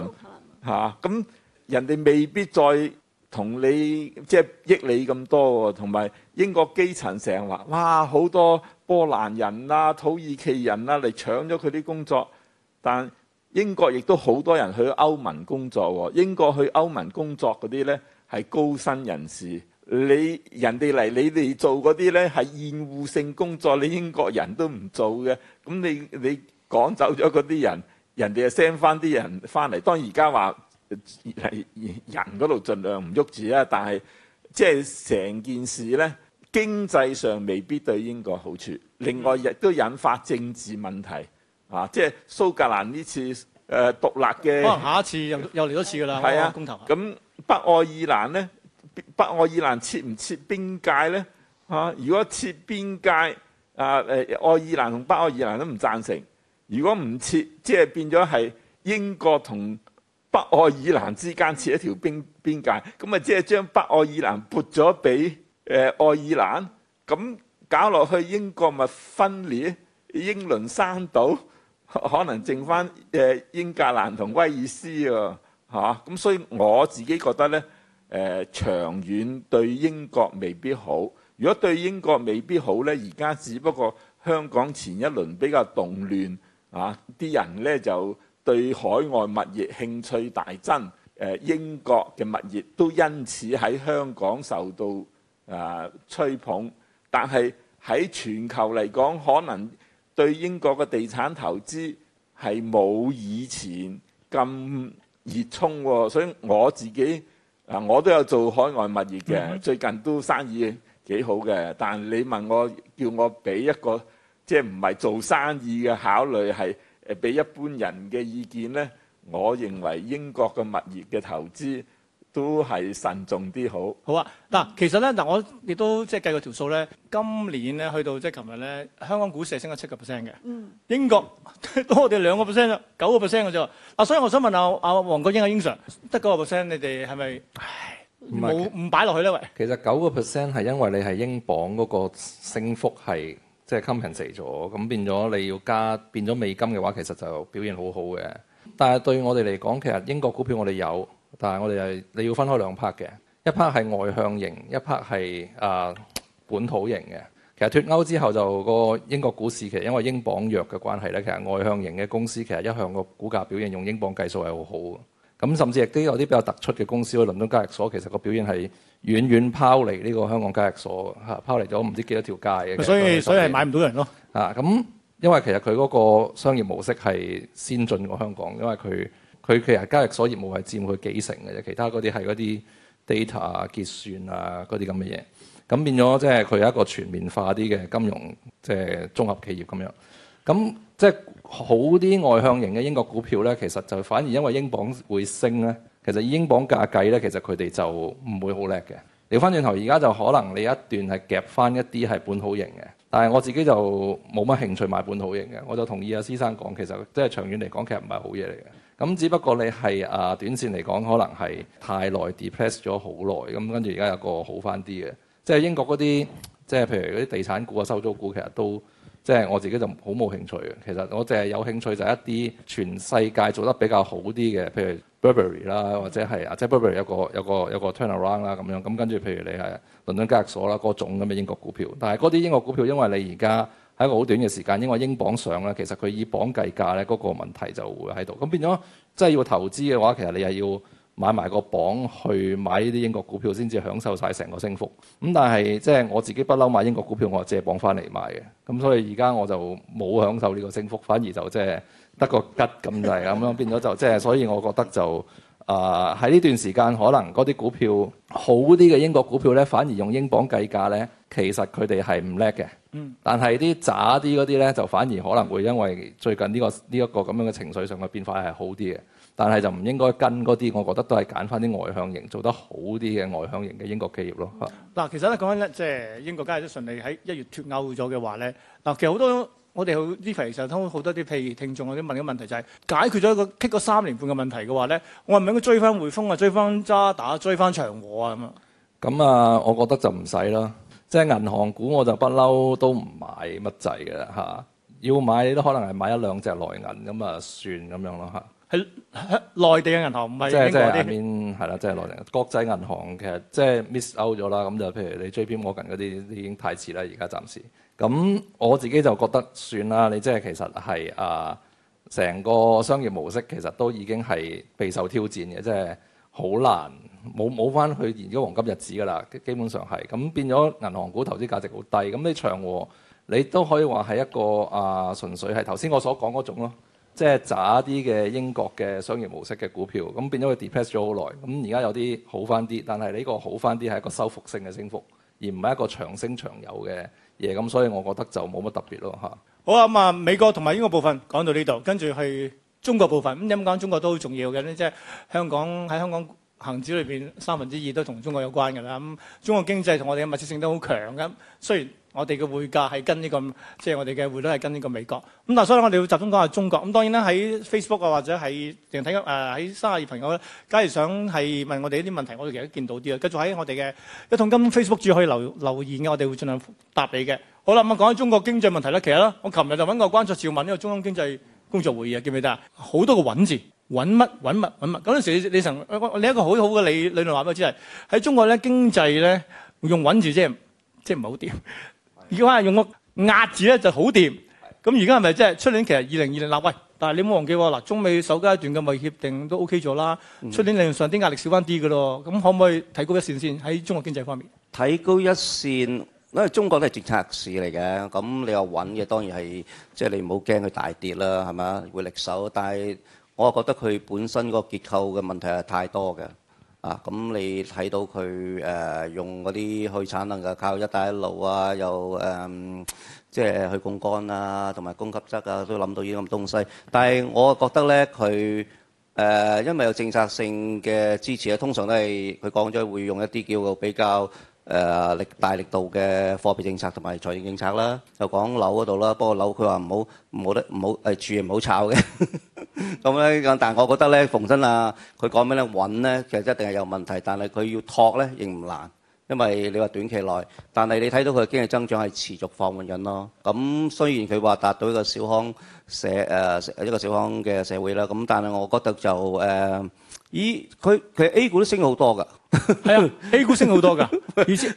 嚇，咁。啊嗯人哋未必再同你即係益你咁多，哦，同埋英國基層成日話哇，好多波蘭人啊土耳其人啊，嚟搶咗佢啲工作。但英國亦都好多人去歐盟工作，哦，英國去歐盟工作嗰啲咧係高薪人士。你人哋嚟你哋做嗰啲咧係厭惡性工作，你英國人都唔做嘅。咁你你趕走咗嗰啲人，人哋就 send 翻啲人翻嚟。當而家話。係人嗰度盡量唔喐住啊！但係即係成件事咧，經濟上未必對英國好處。另外亦都引發政治問題啊！即係蘇格蘭呢次誒、呃、獨立嘅，可能、嗯、下一次又又嚟多次噶啦。係啊，公投。咁北愛爾蘭咧，北愛爾蘭設唔設邊界咧？嚇、啊！如果設邊界，啊誒愛爾蘭同北愛爾蘭都唔贊成。如果唔設，即係變咗係英國同。北愛爾蘭之間設一條邊邊界，咁啊，即係將北愛爾蘭撥咗俾誒愛爾蘭，咁搞落去英國咪分裂？英倫三島可能剩返誒英格蘭同威爾斯喎、啊，嚇、啊！咁所以我自己覺得呢，誒、呃、長遠對英國未必好，如果對英國未必好呢，而家只不過香港前一輪比較動亂，啊，啲人呢就～對海外物業興趣大增，呃，英國嘅物業都因此喺香港受到啊、呃、吹捧，但係喺全球嚟講，可能對英國嘅地產投資係冇以前咁熱衷喎。所以我自己啊、呃，我都有做海外物業嘅，最近都生意幾好嘅。但你問我，叫我俾一個即係唔係做生意嘅考慮係？誒，比一般人嘅意見咧，我認為英國嘅物業嘅投資都係慎重啲好。好啊，嗱，其實咧，嗱，我亦都即係計過條數咧，今年咧去到即係琴日咧，香港股市係升咗七個 percent 嘅，嗯、英國多我哋兩個 percent 咋，九個 percent 嘅啫。啊，所以我想問下阿黃國英阿英 Sir，得九個 percent，你哋係咪唉冇唔擺落去咧？喂，其實九個 percent 係因為你係英鎊嗰個升幅係。即係 compensate 咗，咁變咗你要加，變咗美金嘅話，其實就表現好好嘅。但係對我哋嚟講，其實英國股票我哋有，但係我哋係你要分開兩 part 嘅，一 part 係外向型，一 part 係啊本土型嘅。其實脫歐之後就、個英國股市其實因為英鎊弱嘅關係咧，其實外向型嘅公司其實一向個股價表現用英鎊計數係好好。咁甚至亦都有啲比較突出嘅公司喺、就是、倫敦交易所，其實個表現係遠遠拋離呢個香港交易所嘅嚇，拋離咗唔知幾多條街嘅。所以、就是、所以係買唔到人咯。啊，咁因為其實佢嗰個商業模式係先進過香港，因為佢佢其實交易所業務係佔佢幾成嘅啫，其他嗰啲係嗰啲 data 結算啊嗰啲咁嘅嘢。咁變咗即係佢一個全面化啲嘅金融即係、就是、綜合企業咁樣。咁即係好啲外向型嘅英國股票咧，其實就反而因為英鎊會升咧，其實以英鎊價計咧，其實佢哋就唔會好叻嘅。你翻轉頭，而家就可能你一段係夾翻一啲係本土型嘅，但係我自己就冇乜興趣買本土型嘅。我就同意阿、啊、先生講，其實即係長遠嚟講，其實唔係好嘢嚟嘅。咁只不過你係啊短線嚟講，可能係太耐 depress 咗好耐，咁跟住而家有個好翻啲嘅，即係英國嗰啲，即係譬如嗰啲地產股啊、收租股，其實都。即係我自己就好冇興趣嘅，其實我凈係有興趣就係一啲全世界做得比較好啲嘅，譬如 Burberry 啦，或者係啊，即係 Burberry 有個有個有個 turnaround 啦咁樣，咁跟住譬如你係倫敦交易所啦，各種咁嘅英國股票，但係嗰啲英國股票因為你而家喺一個好短嘅時間，因為英鎊上啦，其實佢以磅計價咧，嗰個問題就會喺度，咁變咗即係要投資嘅話，其實你係要。買埋個鎊去買呢啲英國股票，先至享受晒成個升幅。咁但係即係我自己不嬲買英國股票，我借鎊翻嚟買嘅。咁所以而家我就冇享受呢個升幅，反而就即係得個吉咁滯咁樣變咗就即係。所以我覺得就啊喺呢段時間，可能嗰啲股票好啲嘅英國股票咧，反而用英鎊計價咧，其實佢哋係唔叻嘅。嗯、但係啲渣啲嗰啲咧，就反而可能會因為最近呢、呢個呢一、呢個咁樣嘅情緒上嘅變化係好啲嘅，但係就唔應該跟嗰啲，我覺得都係揀翻啲外向型做得好啲嘅外向型嘅英國企業咯嚇。嗱、嗯嗯，其實咧講緊咧，即係英國今日都順利喺一月脫歐咗嘅話咧，嗱，其實好多我哋好呢期其實通好多啲譬如聽眾有啲問嘅問題就係、是、解決咗一個棘過三年半嘅問題嘅話咧，我係咪應該追翻匯豐啊，追翻渣打，追翻長和啊咁啊？咁啊，我覺得就唔使啦。即係銀行股，我就不嬲都唔買乜滯嘅嚇。要買你都可能係買一兩隻內銀咁啊，算咁樣咯嚇。係內地嘅銀行，唔係英國啲。邊係啦？即係內地國際銀行其實即係 miss out 咗啦。咁就譬如你 JPMorgan 嗰啲已經太遲啦。而家暫時咁，我自己就覺得算啦。你即係其實係啊，成個商業模式其實都已經係備受挑戰嘅，即係好難。冇冇翻去原先黃金日子噶啦，基本上係咁。變咗銀行股投資價值好低。咁你長和你都可以話係一個啊、呃，純粹係頭先我所講嗰種咯，即係渣啲嘅英國嘅商業模式嘅股票。咁變咗佢 depress 咗好耐。咁而家有啲好翻啲，但係呢個好翻啲係一個收復性嘅升幅，而唔係一個長升長有嘅嘢。咁所以我覺得就冇乜特別咯嚇。好啊咁啊，美國同埋英國部分講到呢度，跟住去中國部分。咁點講中國都好重要嘅呢？即係香港喺香港。恒指裏邊三分之二都同中國有關嘅啦，咁、嗯、中國經濟同我哋嘅密切性都好強嘅。雖然我哋嘅匯價係跟呢、這個，即係我哋嘅匯率係跟呢個美國。咁但係所以我哋要集中講下中國。咁、嗯、當然啦，喺 Facebook 啊，或者係淨睇緊喺三廿二朋友，假如想係問我哋呢啲問題，我哋其實都見到啲啊。繼續喺我哋嘅一桶金 Facebook 主要可以留留言嘅，我哋會盡量答你嘅。好啦，咁、嗯、講下中國經濟問題啦。其實咧，我琴日就揾個關焯照問呢個中央經濟工作會議，記唔記得啊？好多個穩字。揾乜揾乜，揾乜，嗰陣時你你成你一個好好嘅理理論話俾我知？即係喺中國咧，經濟咧用揾住、即係、即係，即係即係唔係好掂，如果係用個壓字咧就好掂。咁而家係咪即係出年其實二零二零立威？但係你冇忘記喎，嗱、啊、中美首階段嘅貿易協定都 OK 咗啦，出、嗯、年理論上啲壓力少翻啲嘅咯。咁可唔可以提高一線先喺中國經濟方面？提高一線，因為中國都係政策市嚟嘅，咁你話揾嘅當然係即係你唔好驚佢大跌啦，係咪啊？會力守，但係。我覺得佢本身個結構嘅問題係太多嘅啊！咁你睇到佢誒用嗰啲去產能嘅，靠一帶一路啊，又誒即係去槓桿啦，同埋供給側啊，都諗到呢啲咁東西。但係我覺得咧，佢誒因為有政策性嘅支持咧，通常都係佢講咗會用一啲叫做比較誒力大力度嘅貨幣政策同埋財政政策啦，就講樓嗰度啦。不過樓佢話唔好唔好得唔好誒住唔好炒嘅。咁咧， 但係我覺得咧，馮生啊，佢講咩咧，穩咧，其實一定係有問題。但係佢要托咧，亦唔難，因為你話短期內，但係你睇到佢經濟增長係持續放緩緊咯。咁雖然佢話達到一個小康社誒、呃、一個小康嘅社會啦，咁但係我覺得就誒。呃咦，佢其實 A 股都升好多噶，係啊，A 股升好多噶，二千、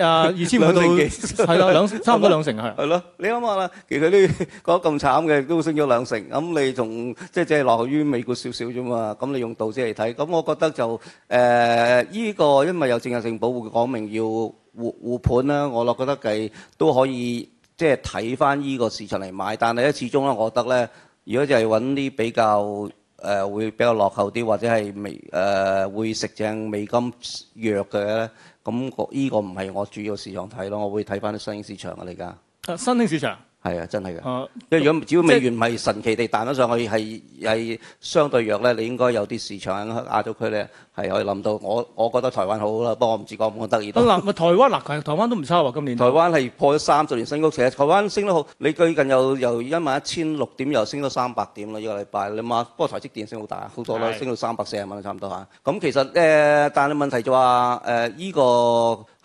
二啊、二千五到，係啦，兩差唔多兩成係。係咯，你諗下啦，其實啲講得咁慘嘅都升咗兩成，咁你仲即係即係落後於美股少少啫嘛，咁你用道指嚟睇，咁我覺得就誒依個因為有政策性保護，講明要護護盤啦，我落覺得計都可以即係睇翻依個市場嚟買，但係咧始終咧，我覺得咧，如果就係揾啲比較。誒、呃、會比較落後啲，或者係美誒會食正美金弱嘅咧，咁個依個唔係我主要市場睇咯，我會睇返啲新興市場啊，而家、啊、新興市場。係啊，真係嘅。即係如果只要美元唔係神奇地彈咗、啊、上去，係係相對弱咧，你應該有啲市場喺亞洲區咧係可以諗到。我我覺得台灣好好啦，不過唔知講唔講得意。啊台灣嗱，台灣都唔差喎，今年。台灣係破咗三十年新高，其實台灣升得好，你最近又由一萬一千六點又升到三百點啦，呢、呢個禮拜你諗下，不過台積電升好大，好多啦，的升到三百四十蚊差唔多嚇。咁、啊嗯、其實誒、呃，但係問題就話誒，依、呃呢個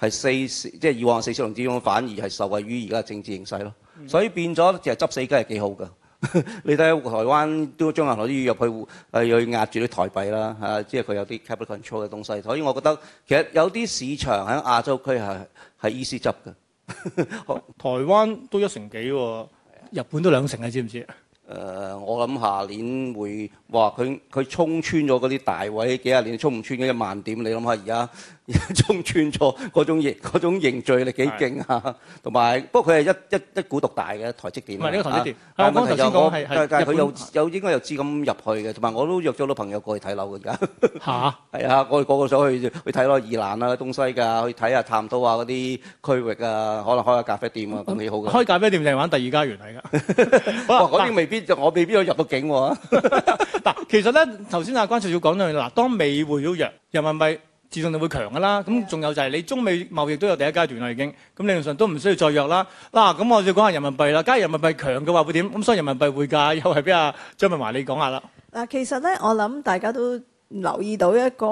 係四即係以往四小龍之中，反而係受惠於而家嘅政治形勢咯。所以變咗就係執死雞係幾好噶？ 你睇台灣都將銀行啲錢入去，誒要壓住啲台幣啦，嚇、啊！即係佢有啲 capital control 嘅東西。所以我覺得其實有啲市場喺亞洲區係係 easy 執嘅。 台灣都一成幾喎，日本都兩成你知唔知？呃、我諗下年會。哇！佢佢衝穿咗嗰啲大位，幾廿年衝唔穿嗰一萬點，你諗下而家衝穿咗嗰種凝嗰種凝聚力幾勁啊！同埋不過佢係一一一股獨大嘅台積電，唔係呢個台積電。佢有有應該有資咁入去嘅，同埋我都約咗好多朋友過去睇樓㗎。嚇！係啊，我哋個個想去去睇下宜蘭啊、東西㗎，去睇下探討下嗰啲區域啊，可能開下咖啡店啊，咁幾好噶。開咖啡店就係玩第二家園嚟㗎。嗰啲未必，我未必有入到境喎。嗱，其實咧，頭先阿關 Sir 要講到，嗱，當美匯都弱，人民幣自動就會強噶啦。咁仲的有就係你中美貿易都有第一階段啦，已經。咁理論上都唔需要再弱啦。嗱、啊，咁我就講下人民幣啦。假如人民幣強嘅話，會點？咁所以人民幣匯價又係俾阿張敏華你講下啦。嗱，其實咧，我諗大家都留意到一個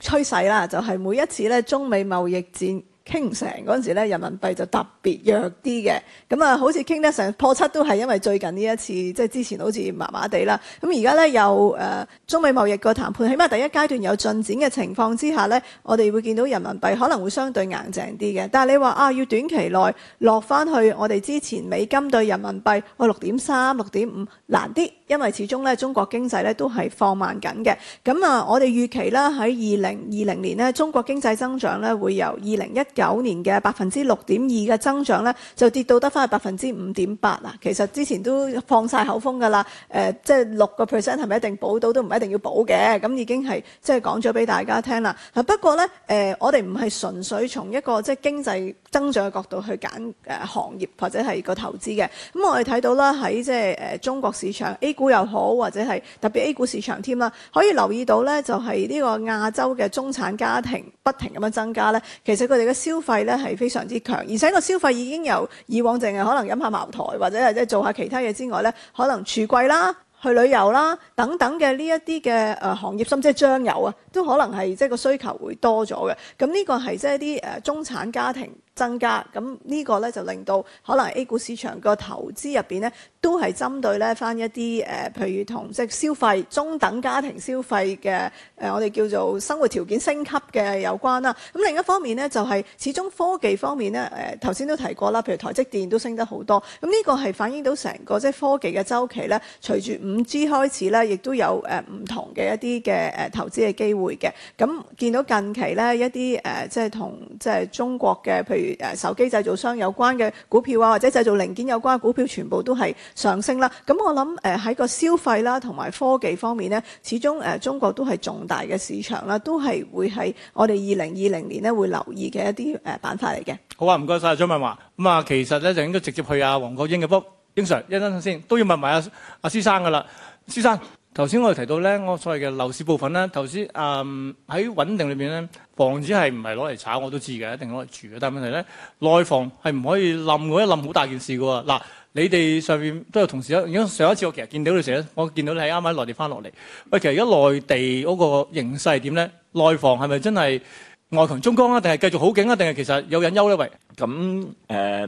趨勢啦，就係、是、每一次咧中美貿易戰。傾唔成嗰陣時咧，人民幣就特別弱啲嘅。咁、嗯、啊，好似傾得成破七都係因為最近呢一次，即係之前好似麻麻地啦。咁而家咧有誒中美貿易個談判，起碼第一階段有進展嘅情況之下咧，我哋會見到人民幣可能會相對硬淨啲嘅。但係你話啊，要短期內落翻去我哋之前美金對人民幣我六點三、六點五難啲，因為始終咧中國經濟咧都係放慢緊嘅。咁、嗯、啊，我哋預期啦，喺二零二零年咧，中國經濟增長咧會由二零一九年嘅百分之六點二嘅增長咧，就跌到得翻係百分之五點八啦。其實之前都放晒口風㗎啦，誒、呃，即係六個 percent 係咪一定保到，都唔一定要保嘅，咁、嗯、已經係即係講咗俾大家聽啦。嗱不過咧，誒、呃，我哋唔係純粹從一個即係、就是、經濟增長嘅角度去揀誒、呃、行業或者係個投資嘅。咁、嗯、我哋睇到啦，喺即係誒中國市場 A 股又好，或者係特別 A 股市場添啦，可以留意到咧，就係、是、呢個亞洲嘅中產家庭不停咁樣增加咧，其實佢哋嘅消費咧係非常之強，而且個消費已經由以往淨係可能飲下茅台或者係即係做下其他嘢之外咧，可能廚櫃啦、去旅遊啦等等嘅呢一啲嘅誒行業，甚至係醬油啊，都可能係即係個需求會多咗嘅。咁呢個係即係啲誒中產家庭。增加咁呢個呢，就令到可能 A 股市場個投資入邊呢，都係針對呢翻一啲誒，譬如同即係消費中等家庭消費嘅誒，我哋叫做生活條件升級嘅有關啦。咁另一方面呢，就係始終科技方面呢，誒，頭先都提過啦，譬如台積電都升得好多。咁、這、呢個係反映到成個即係、就是、科技嘅周期呢，隨住 5G 開始呢，亦都有誒唔同嘅一啲嘅誒投資嘅機會嘅。咁見到近期呢，一啲誒即係同即係中國嘅譬如，誒手機製造商有關嘅股票啊，或者製造零件有關嘅股票，全部都係上升啦。咁我諗誒喺個消費啦，同埋科技方面咧，始終誒中國都係重大嘅市場啦，都係會喺我哋二零二零年咧會留意嘅一啲誒板塊嚟嘅。好啊，唔該晒張敏華。咁、嗯、啊，其實咧就應該直接去阿黃國英嘅。不過英 Sir，一陣先都要問埋阿阿施生噶啦，施生。頭先我哋提到咧，我所謂嘅樓市部分咧，頭先嗯喺穩定裏邊咧，房子係唔係攞嚟炒我都知嘅，一定攞嚟住嘅。但係問題咧，內房係唔可以冧嘅，一冧好大件事嘅喎。嗱，你哋上邊都有同事咧，而家上一次我其實見到你成日，我見到你係啱喺內地翻落嚟。喂，其實而家內地嗰個形勢係點咧？內房係咪真係外強中乾啊？定係繼續好景啊？定係其實有隱憂咧？喂，咁誒，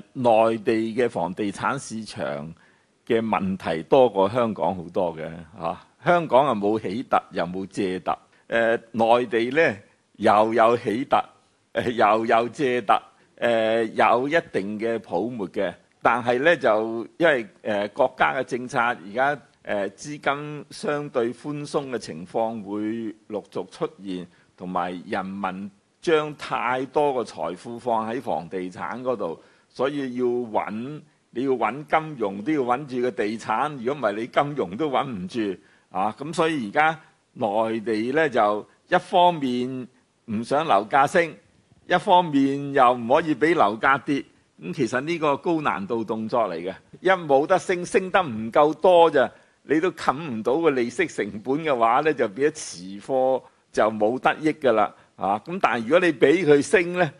內地嘅房地產市場嘅問題多過香港好多嘅嚇。啊。香港啊，冇起突又冇借突，誒、呃、內地呢又有起突又有借突，呃、有一定嘅泡沫嘅，但係呢，就因為誒、呃、國家嘅政策而家誒資金相對寬鬆嘅情況會陸續出現，同埋人民將太多嘅財富放喺房地產嗰度，所以要揾你要揾金融都要揾住個地產，如果唔係你金融都揾唔住。啊，咁所以而家內地咧就一方面唔想樓價升，一方面又唔可以俾樓價跌。咁、嗯、其實呢個高難度動作嚟嘅，一冇得升，升得唔夠多啫，你都冚唔到個利息成本嘅話咧，就變咗持貨就冇得益噶啦。啊，咁但係如果你俾佢升咧，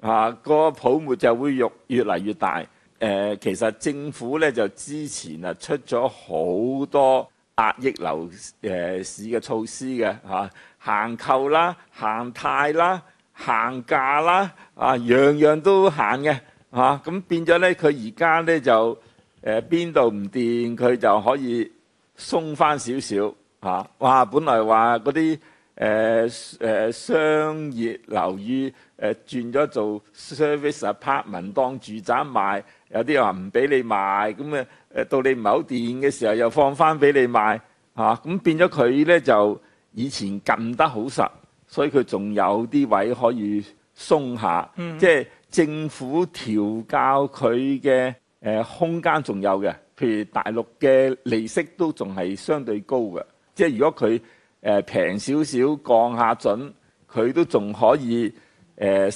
啊個泡沫就會越越嚟越大。誒、呃，其實政府咧就之前啊出咗好多。壓抑樓誒市嘅措施嘅嚇，限、啊、購啦、限貸啦、限價啦，啊，樣樣都限嘅嚇，咁、啊、變咗咧，佢而家咧就誒邊度唔掂，佢、呃、就可以鬆翻少少嚇。哇，本來話嗰啲。誒誒、呃、商業樓宇誒、呃、轉咗做 service apartment 當住宅賣，有啲話唔俾你賣，咁啊誒到你唔係好掂嘅時候又放翻俾你賣嚇，咁、啊、變咗佢咧就以前撳得好實，所以佢仲有啲位可以鬆下，嗯、即係政府調教佢嘅誒空間仲有嘅，譬如大陸嘅利息都仲係相對高嘅，即係如果佢。誒平少少降下準，佢都仲可以誒、呃，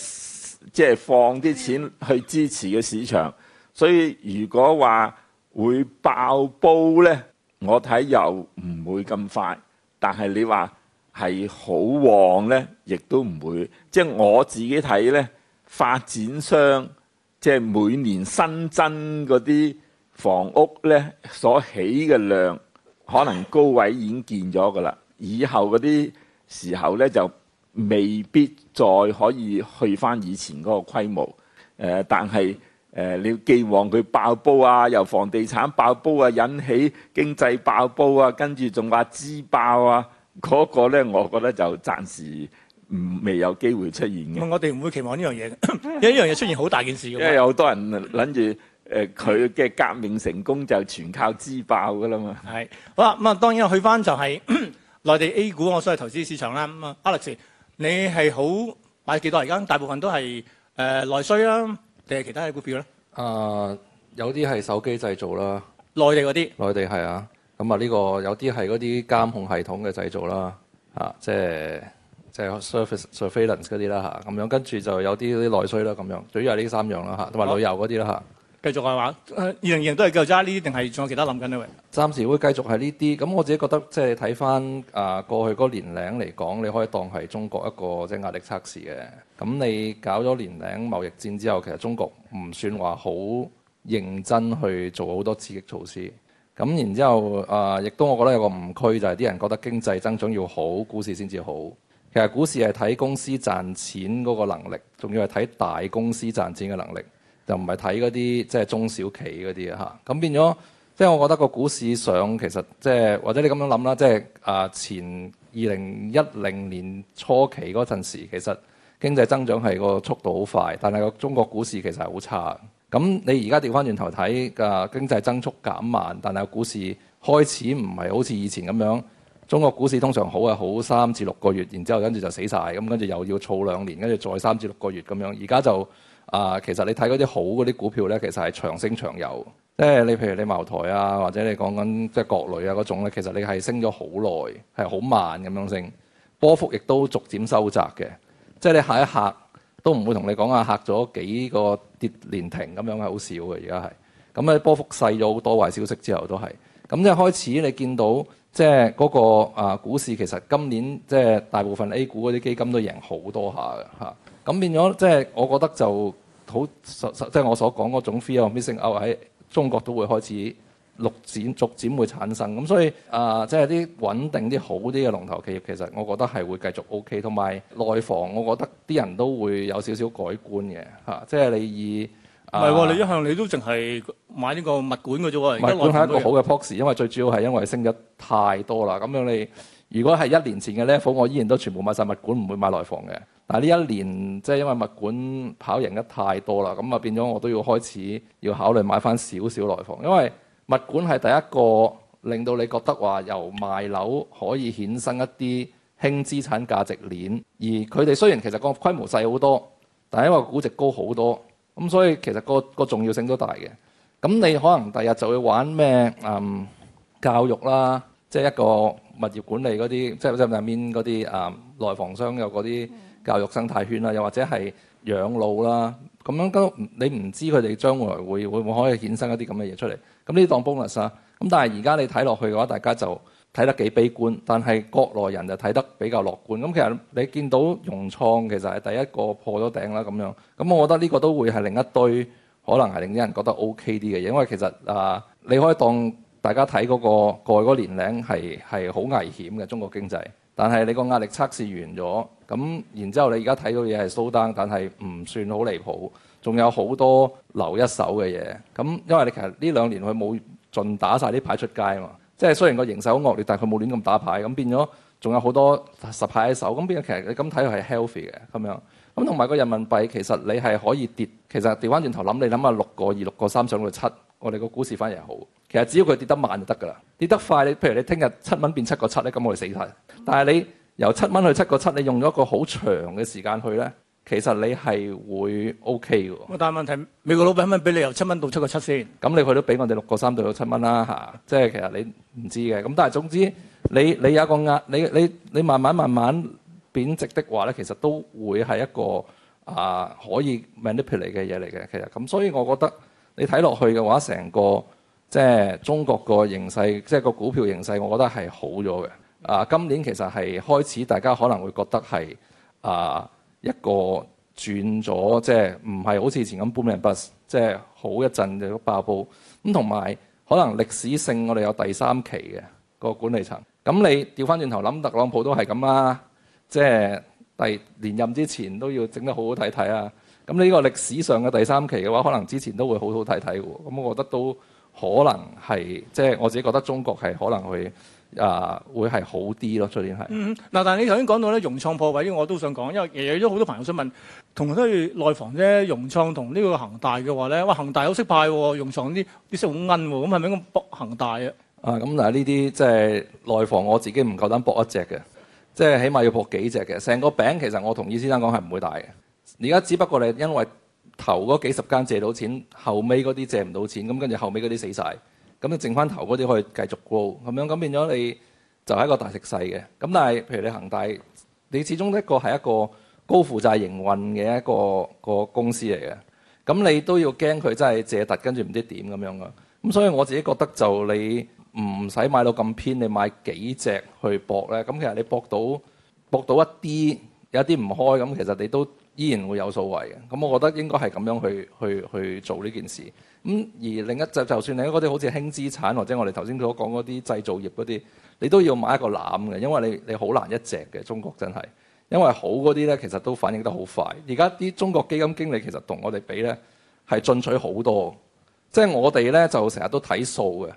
即係放啲錢去支持嘅市場。所以如果話會爆煲呢，我睇又唔會咁快。但係你話係好旺呢，亦都唔會。即係我自己睇呢，發展商即係每年新增嗰啲房屋呢，所起嘅量，可能高位已經見咗噶啦。以後嗰啲時候咧，就未必再可以去翻以前嗰個規模。誒、呃，但係誒、呃，你要寄望佢爆煲啊，由房地產爆煲啊，引起經濟爆煲啊，跟住仲話支爆啊，嗰、那個咧，我覺得就暫時唔未有機會出現嘅。我哋唔會期望呢樣嘢，有一呢樣嘢出現，好大件事。因為有好多人諗住誒，佢、呃、嘅革命成功就全靠支爆㗎啦嘛。係好啦，咁、嗯、啊，當然去翻就係、是。 內地 A 股我需去投資市場啦，咁啊 Alex，你係好買幾多而家，大部分都係誒、呃、內需啦，定係其他嘅股票咧？誒、呃，有啲係手機製造啦，內地嗰啲。內地係啊，咁啊呢個有啲係嗰啲監控系統嘅製造啦，嚇、啊，即、就、係、是、即係、就是、surface surveillance 嗰啲啦嚇，咁、啊、樣跟住就有啲內需啦咁、啊、樣，主要係呢三樣啦嚇，同埋、哦、旅遊嗰啲啦嚇，啊繼續嘅話，誒二零二零都係繼續揸呢啲，定係仲有其他諗緊呢？暫時會繼續係呢啲。咁我自己覺得，即係睇翻誒過去嗰個年零嚟講，你可以當係中國一個即係壓力測試嘅。咁你搞咗年零貿易戰之後，其實中國唔算話好認真去做好多刺激措施。咁然之後誒，亦、啊、都我覺得有個誤區就係、是、啲人覺得經濟增長要好，股市先至好。其實股市係睇公司賺錢嗰個能力，仲要係睇大公司賺錢嘅能力。就唔係睇嗰啲即係中小企嗰啲啊嚇，咁變咗即係我覺得個股市上其實即係或者你咁樣諗啦，即係啊前二零一零年初期嗰陣時，其實經濟增長係個速度好快，但係個中國股市其實係好差嘅。咁你而家調翻轉頭睇嘅經濟增速減慢，但係股市開始唔係好似以前咁樣，中國股市通常好啊，好，好三至六個月，然之後跟住就死晒。咁跟住又要儲兩年，跟住再三至六個月咁樣，而家就。啊，其實你睇嗰啲好嗰啲股票咧，其實係長升長有。即係你譬如你茅台啊，或者你講緊即係國旅啊嗰種咧，其實你係升咗好耐，係好慢咁樣升，波幅亦都逐漸收窄嘅。即係你，嚇一嚇你一下一下都唔會同你講啊，嚇咗幾個跌連停咁樣係好少嘅，而家係咁咧，波幅細咗好多，壞消息之後都係咁，即係開始你見到即係嗰個啊股市，其實今年即係大部分 A 股嗰啲基金都贏好多下嘅嚇。咁變咗即係我覺得就好實實，即係我所講嗰種 fear of missing out 喺中國都會開始陸展，逐漸會產生。咁所以啊、呃，即係啲穩定啲好啲嘅龍頭企業，其實我覺得係會繼續 OK。同埋內房，我覺得啲人都會有少少改觀嘅嚇、啊。即係你以唔係喎，你一向你都淨係買呢個物管嘅啫喎。物管係一個好嘅 proxy，因為最主要係因為升咗太多啦。咁樣你如果係一年前嘅 level，我依然都全部買晒物管，唔會買內房嘅。啊！呢一年即係因為物管跑贏得太多啦，咁啊變咗我都要開始要考慮買翻少少內房，因為物管係第一個令到你覺得話由賣樓可以衍生一啲輕資產價值鏈，而佢哋雖然其實個規模細好多，但係因為估值高好多，咁所以其實個個重要性都大嘅。咁你可能第日就會玩咩嗯教育啦，即係一個物業管理嗰啲，即係入面嗰啲啊內房商有嗰啲。教育生態圈啦，又或者係養老啦，咁樣都你唔知佢哋將來會會唔會可以衍生一啲咁嘅嘢出嚟。咁呢啲當 bonus 啊。咁但係而家你睇落去嘅話，大家就睇得幾悲觀。但係國內人就睇得比較樂觀。咁其實你見到融創其實係第一個破咗頂啦，咁樣。咁我覺得呢個都會係另一堆可能係令啲人覺得 OK 啲嘅嘢，因為其實啊，你可以當大家睇嗰個過嗰個年齡係係好危險嘅中國經濟，但係你個壓力測試完咗。咁然之後，你而家睇到嘢係蘇丹，但係唔算好離譜，仲有好多留一手嘅嘢。咁因為你其實呢兩年佢冇盡打晒啲牌出街啊嘛，即係雖然個形勢好惡劣，但係佢冇亂咁打牌，咁變咗仲有好多十牌喺手。咁變咗其實你咁睇佢係 healthy 嘅咁樣？咁同埋個人民幣其實你係可以跌。其實調翻轉頭諗，你諗下六個二、六個三上到七，我哋個股市反而係好。其實只要佢跌得慢就得㗎啦，跌得快你譬如你聽日七蚊變七個七咧，咁我哋死睇。但係你。由七蚊去七個七，你用咗一個好長嘅時間去咧，其實你係會 OK 嘅。但係問題，美國老闆肯唔肯俾你由七蚊到七個七先？咁你去都俾我哋六個三到到七蚊啦吓，即係其實你唔知嘅。咁但係總之你，你你有一個壓，你你你慢慢慢慢貶值的話咧，其實都會係一個啊可以 manipulate 嘅嘢嚟嘅。其實咁、啊，所以我覺得你睇落去嘅話，成個即係中國個形勢，即係個股票形勢，我覺得係好咗嘅。啊，今年其實係開始，大家可能會覺得係啊一個轉咗，即係唔係好似以前咁 boom and bust 即係好一陣就爆煲。咁同埋可能歷史性，我哋有第三期嘅個管理層。咁你調翻轉頭諗，特朗普都係咁啦，即係第連任之前都要整得好好睇睇啊。咁呢個歷史上嘅第三期嘅話，可能之前都會好好睇睇喎。咁我覺得都可能係，即係我自己覺得中國係可能會去。啊，會係好啲咯，最然係。嗯嗱，但係你頭先講到咧融創破位，呢我都想講，因為有咗好多朋友想問，同關於內房啫，融創同呢個恒大嘅話咧，哇，恒大好識派喎，融創啲啲識好奀喎，咁係咪咁搏恒大啊？啊，咁嗱，呢啲即係內房，我自己唔夠膽搏一隻嘅，即係起碼要搏幾隻嘅，成個餅其實我同意先生講係唔會大嘅。而家只不過你因為頭嗰幾十間借到錢，後尾嗰啲借唔到錢，咁跟住後尾嗰啲死晒。咁你剩翻頭嗰啲可以繼續高咁樣，咁變咗你就係一個大食勢嘅。咁但係，譬如你恒大，你始終一個係一個高負債營運嘅一個一個公司嚟嘅。咁你都要驚佢真係借突，跟住唔知點咁樣啊。咁所以我自己覺得就你唔使買到咁偏，你買幾隻去博咧？咁其實你博到博到一啲有啲唔開咁，其實你都，依然會有所為嘅，咁我覺得應該係咁樣去去去做呢件事。咁而另一隻，就算你嗰啲好似輕資產或者我哋頭先所講嗰啲製造業嗰啲，你都要買一個籃嘅，因為你你好難一隻嘅。中國真係，因為好嗰啲咧，其實都反應得好快。而家啲中國基金經理其實同我哋比咧，係進取好多。即係我哋咧就成日都睇數嘅，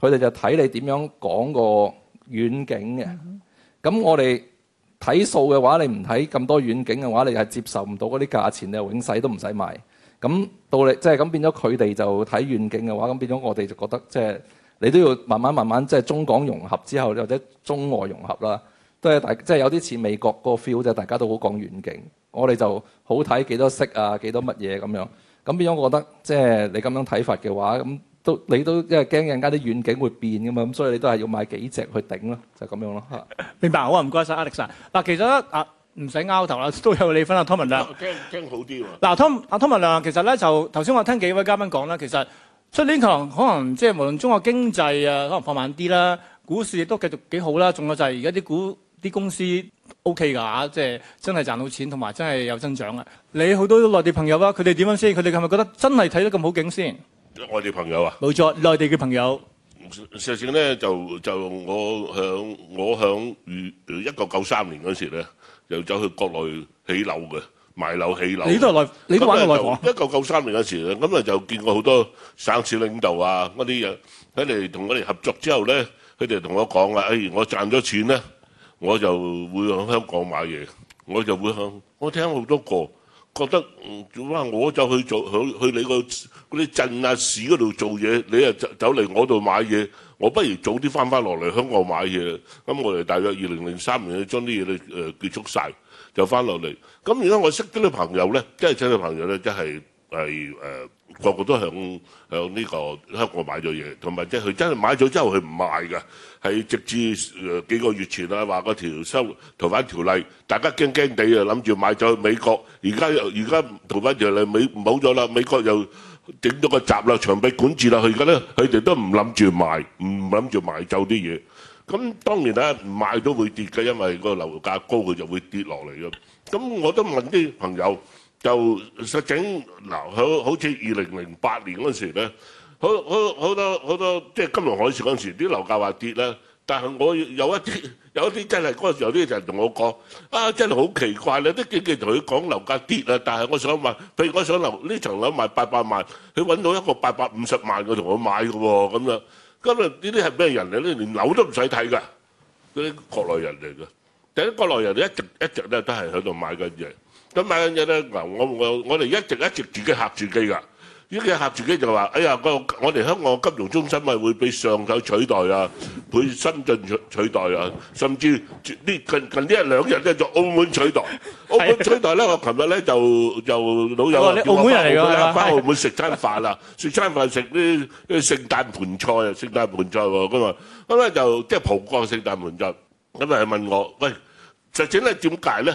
佢哋就睇你點樣講個遠景嘅。咁我哋，睇數嘅話，你唔睇咁多遠景嘅話，你係接受唔到嗰啲價錢，你永世都唔使買咁到你，即係咁變咗佢哋就睇遠景嘅話，咁變咗我哋就覺得即係、就是、你都要慢慢慢慢即係、就是、中港融合之後，或者中外融合啦，都係大即係有啲似美國個 feel 即係，大家都好講遠景，我哋就好睇幾多色啊，幾多乜嘢咁樣咁變咗，我覺得即係、就是、你咁樣睇法嘅話咁。都你都因為驚人家啲遠景會變嘅嘛，咁所以你都係要買幾隻去頂咯，就係咁樣咯。明白，好、Alex、啊，唔該晒 Alex 嗱，其實啊，唔使拗頭啦，都有你分啦，湯文亮。傾、啊、傾好啲喎。嗱，湯阿湯文亮，其實咧就頭先我聽幾位嘉賓講啦，其實出年可能，可能即係無論中國經濟啊，可能放慢啲啦，股市亦都繼續幾好啦。仲有就係而家啲股啲公司 OK 㗎嚇、啊，即係真係賺到錢，同埋真係有增長啊。你好多內地朋友啊，佢哋點樣先？佢哋係咪覺得真係睇得咁好景先？外地朋友啊，冇錯，內地嘅朋友。實證咧，就就我響我響二一九九三年嗰時咧，又走去國內起樓嘅，賣樓起樓。你都係內，你都玩過內一九九三年嗰時咧，咁啊就見過好多省市領導啊，嗰啲人喺嚟同我哋合作之後咧，佢哋同我講啊，哎，我賺咗錢咧，我就會響香港買嘢，我就會響，我聽好多個。覺得做翻我就去做去去你個嗰啲鎮啊市嗰度做嘢，你又走嚟我度買嘢，我不如早啲翻翻落嚟香港買嘢。咁我哋大約二零零三年去將啲嘢咧誒結束晒，就翻落嚟。咁如果我識啲咧朋友咧，即係親戚朋友咧，即係係誒。個個都向向呢個香港買咗嘢，同埋即係佢真係買咗之後，佢唔賣㗎，係直至誒幾個月前啦，話嗰條收逃犯條例，大家驚驚地啊，諗住買咗去美國。而家又而家逃犯條例美冇咗啦，美國又整咗個閘啦，強迫管住啦。佢而家咧，佢哋都唔諗住賣，唔諗住買走啲嘢。咁當然啦，賣都會跌嘅，因為個樓價高，佢就會跌落嚟咯。咁我都問啲朋友。就實整嗱，好好似二零零八年嗰陣時咧，好好好多好多即係金融海嘯嗰陣時，啲樓價話跌咧。但係我有一啲有一啲真係嗰陣時有啲人同我講啊，真係好奇怪咧！啲記者同佢講樓價跌啊，但係我想話，譬如我想樓呢層樓賣八百萬，佢揾到一個八百五十萬嘅同我買嘅喎，咁樣，咁啊呢啲係咩人嚟咧？連樓都唔使睇嘅，嗰啲國內人嚟嘅。第一國內人一直一直咧都係喺度買緊嘢。咁買緊嘢咧，嗱我我我哋一直一直自己嚇自己噶，一直嚇自己就話，哎呀，個我哋香港金融中心咪會畀上海取代啊，畀深圳取取代啊，甚至呢近近呢一兩日咧就澳門取代，澳門取代咧。我琴日咧就就老友澳門人嚟㗎翻澳門食餐飯啦，食餐飯食啲啲聖誕盤菜啊，聖誕盤菜喎。咁啊咁咧就即係蒲過聖誕盤菜，咁啊問我，喂，實質咧點解咧？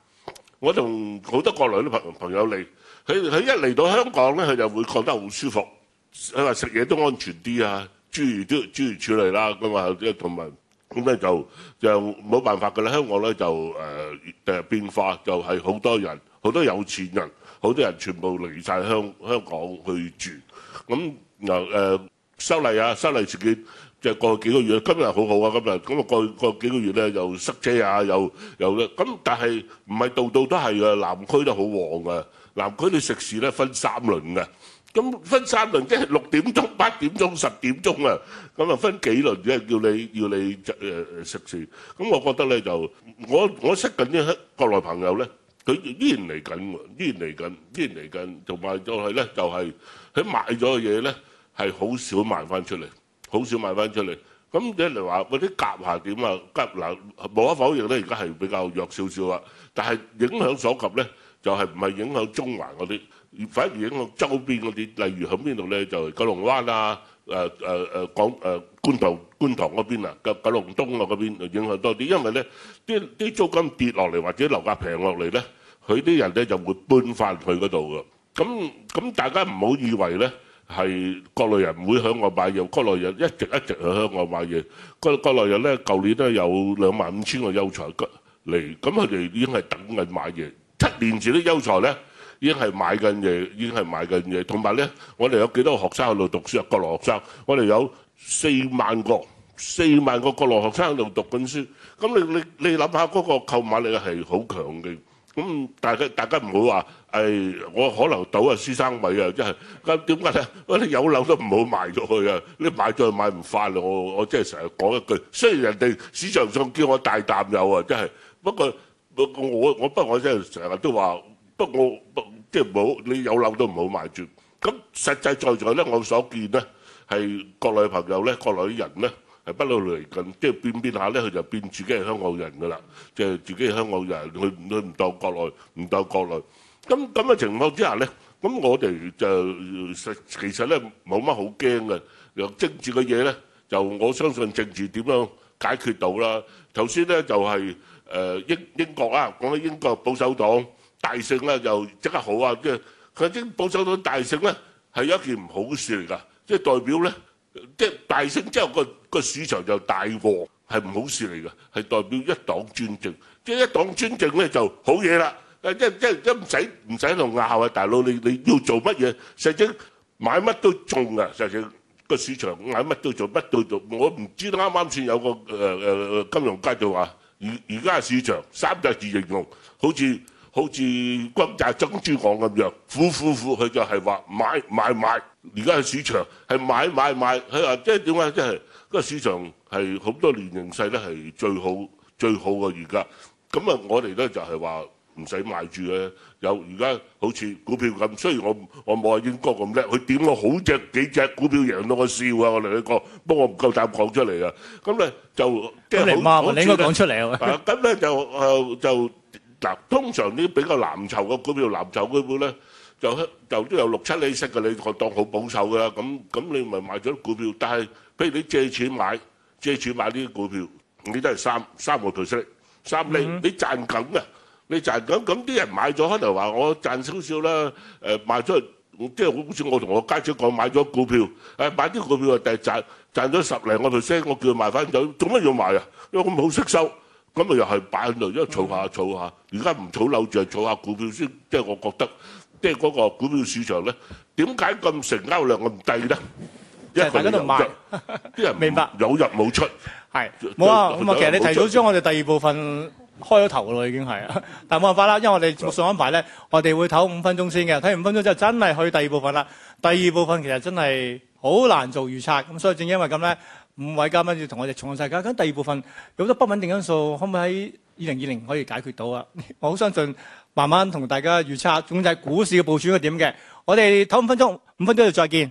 我同好多國內啲朋朋友嚟，佢佢一嚟到香港咧，佢就會覺得好舒服。因為食嘢都安全啲啊，諸如都諸如此類啦咁啊，即係同埋咁咧就就冇辦法㗎啦。香港咧就誒誒、呃、變化就係、是、好多人，好多有錢人，好多人全部嚟晒香港香港去住咁，嗱誒修例啊，修例事件。呃就過幾個月，今日好好啊！今日咁啊，過過幾個月咧，又塞車啊，又又咧咁。但係唔係度度都係啊？南區都好旺啊！南區啲食肆咧分三輪嘅，咁分三輪即係六點鐘、八點鐘、十點鐘啊！咁啊分幾輪即係，叫你要你誒食肆。咁我覺得咧就我我識緊啲國內朋友咧，佢依然嚟緊喎，依然嚟緊，依然嚟緊。同埋就係咧，就係佢買咗嘅嘢咧係好少賣翻出嚟。好少賣翻出嚟，咁一嚟話嗰啲甲廈點啊？甲廈，無可否認咧，而家係比較弱少少啊。但係影響所及咧，就係唔係影響中環嗰啲，反而影響周邊嗰啲，例如喺邊度咧，就係九龍灣啊，誒誒誒港誒官塘官塘嗰邊啊，九九龍東落嗰邊就影響多啲，因為咧啲啲租金跌落嚟或者樓價平落嚟咧，佢啲人咧就會搬翻去嗰度㗎。咁咁大家唔好以為咧。係國內人唔會向外買嘢，國內人一直一直向外買嘢。國國內人咧，舊年都有兩萬五千個優才嚟，咁佢哋已經係等緊買嘢。七年前啲優才咧，已經係買緊嘢，已經係買緊嘢。同埋咧，我哋有幾多個學生喺度讀書啊？國內學生，我哋有四萬個，四萬個國內學生喺度讀緊書。咁你你你諗下，嗰個購買力係好強嘅。咁大家大家唔好話誒，我可能賭啊輸生米啊，真係咁點解咧？你有樓都唔好賣咗佢啊！你賣咗佢買唔翻啦！我我即係成日講一句，雖然人哋市場上叫我大淡友啊，真係不，不過我我不我真係成日都話，不過即係冇你有樓都唔好賣住。咁、嗯、實際在在咧，我所見咧係國內朋友咧，國內人咧。係不勞而謠，即係變變下咧，佢就變自己係香港人㗎啦，即係自己係香港人，佢佢唔當國內，唔當國內。咁咁嘅情況之下咧，咁我哋就實其實咧冇乜好驚嘅，又政治嘅嘢咧，就我相信政治點樣解決到啦。頭先咧就係誒英英國啊，講起英國保守黨大勝啦，就即刻好啊！即係佢啲保守黨大勝咧，係一件唔好事嚟㗎，即係代表咧。即係大升之後，個個市場就大鑊，係唔好事嚟㗎，係代表一黨專政。即係一黨專政咧，就好嘢啦。即即即唔使唔使同拗啊，大佬你你要做乜嘢？實際買乜都中啊，實際個市場買乜都做乜都做。我唔知啱啱先有個誒誒、呃呃、金融界就話而而家市場三隻字形容，好似好似轟炸珍珠港咁樣，呼呼呼，佢就係話買買買。買買而家係市場係買買買，佢話即係點解？即係個市場係好多年形勢咧，係最好最好嘅而家。咁啊，我哋咧就係話唔使買住咧。有而家好似股票咁，雖然我我冇阿英哥咁叻，佢點我好隻幾隻股票贏到我笑啊！我同你講，不過我唔夠膽講出嚟啊。咁咧就即係好。你應該講出嚟啊！咁咧就就嗱，通常啲比較藍籌嘅股票、藍籌股票咧。就就都有六七厘息嘅，你我當好保守㗎啦。咁咁你咪買咗啲股票，但係譬如你借錢買借錢買啲股票，你都係三三個 percent，三厘你賺緊嘅，你賺緊咁啲人買咗，可能話我賺少少啦。誒買咗即係好似我同我家姐講買咗股票，誒買啲股票又第賺賺咗十零個 percent。我叫佢賣翻走，做乜要賣啊？因為我冇息收，咁咪又係擺喺度，一路儲下儲下。而家唔儲樓住，儲下，下，下股票先，即係我覺得。即係嗰個股票市場咧，點解咁成交量咁低咧？ 一個人入，啲 白人有入冇出？係，冇啊！咁啊，其實你提早將我哋第二部分開咗頭咯，已經係。 但係冇辦法啦，因為我哋節目上安排咧， 我哋會唞五分鐘先嘅。睇完五分鐘之後，真係去第二部分啦。第二部分其實真係好難做預測。咁所以正因為咁咧，五位嘉賓要同我哋重世界。咁第二部分有好多不穩定因素，可唔可以喺二零二零可以解決到啊？我好相信。慢慢同大家預測，總之係股市嘅部署會點嘅，我哋唞五分鐘，五分鐘鐘後再見。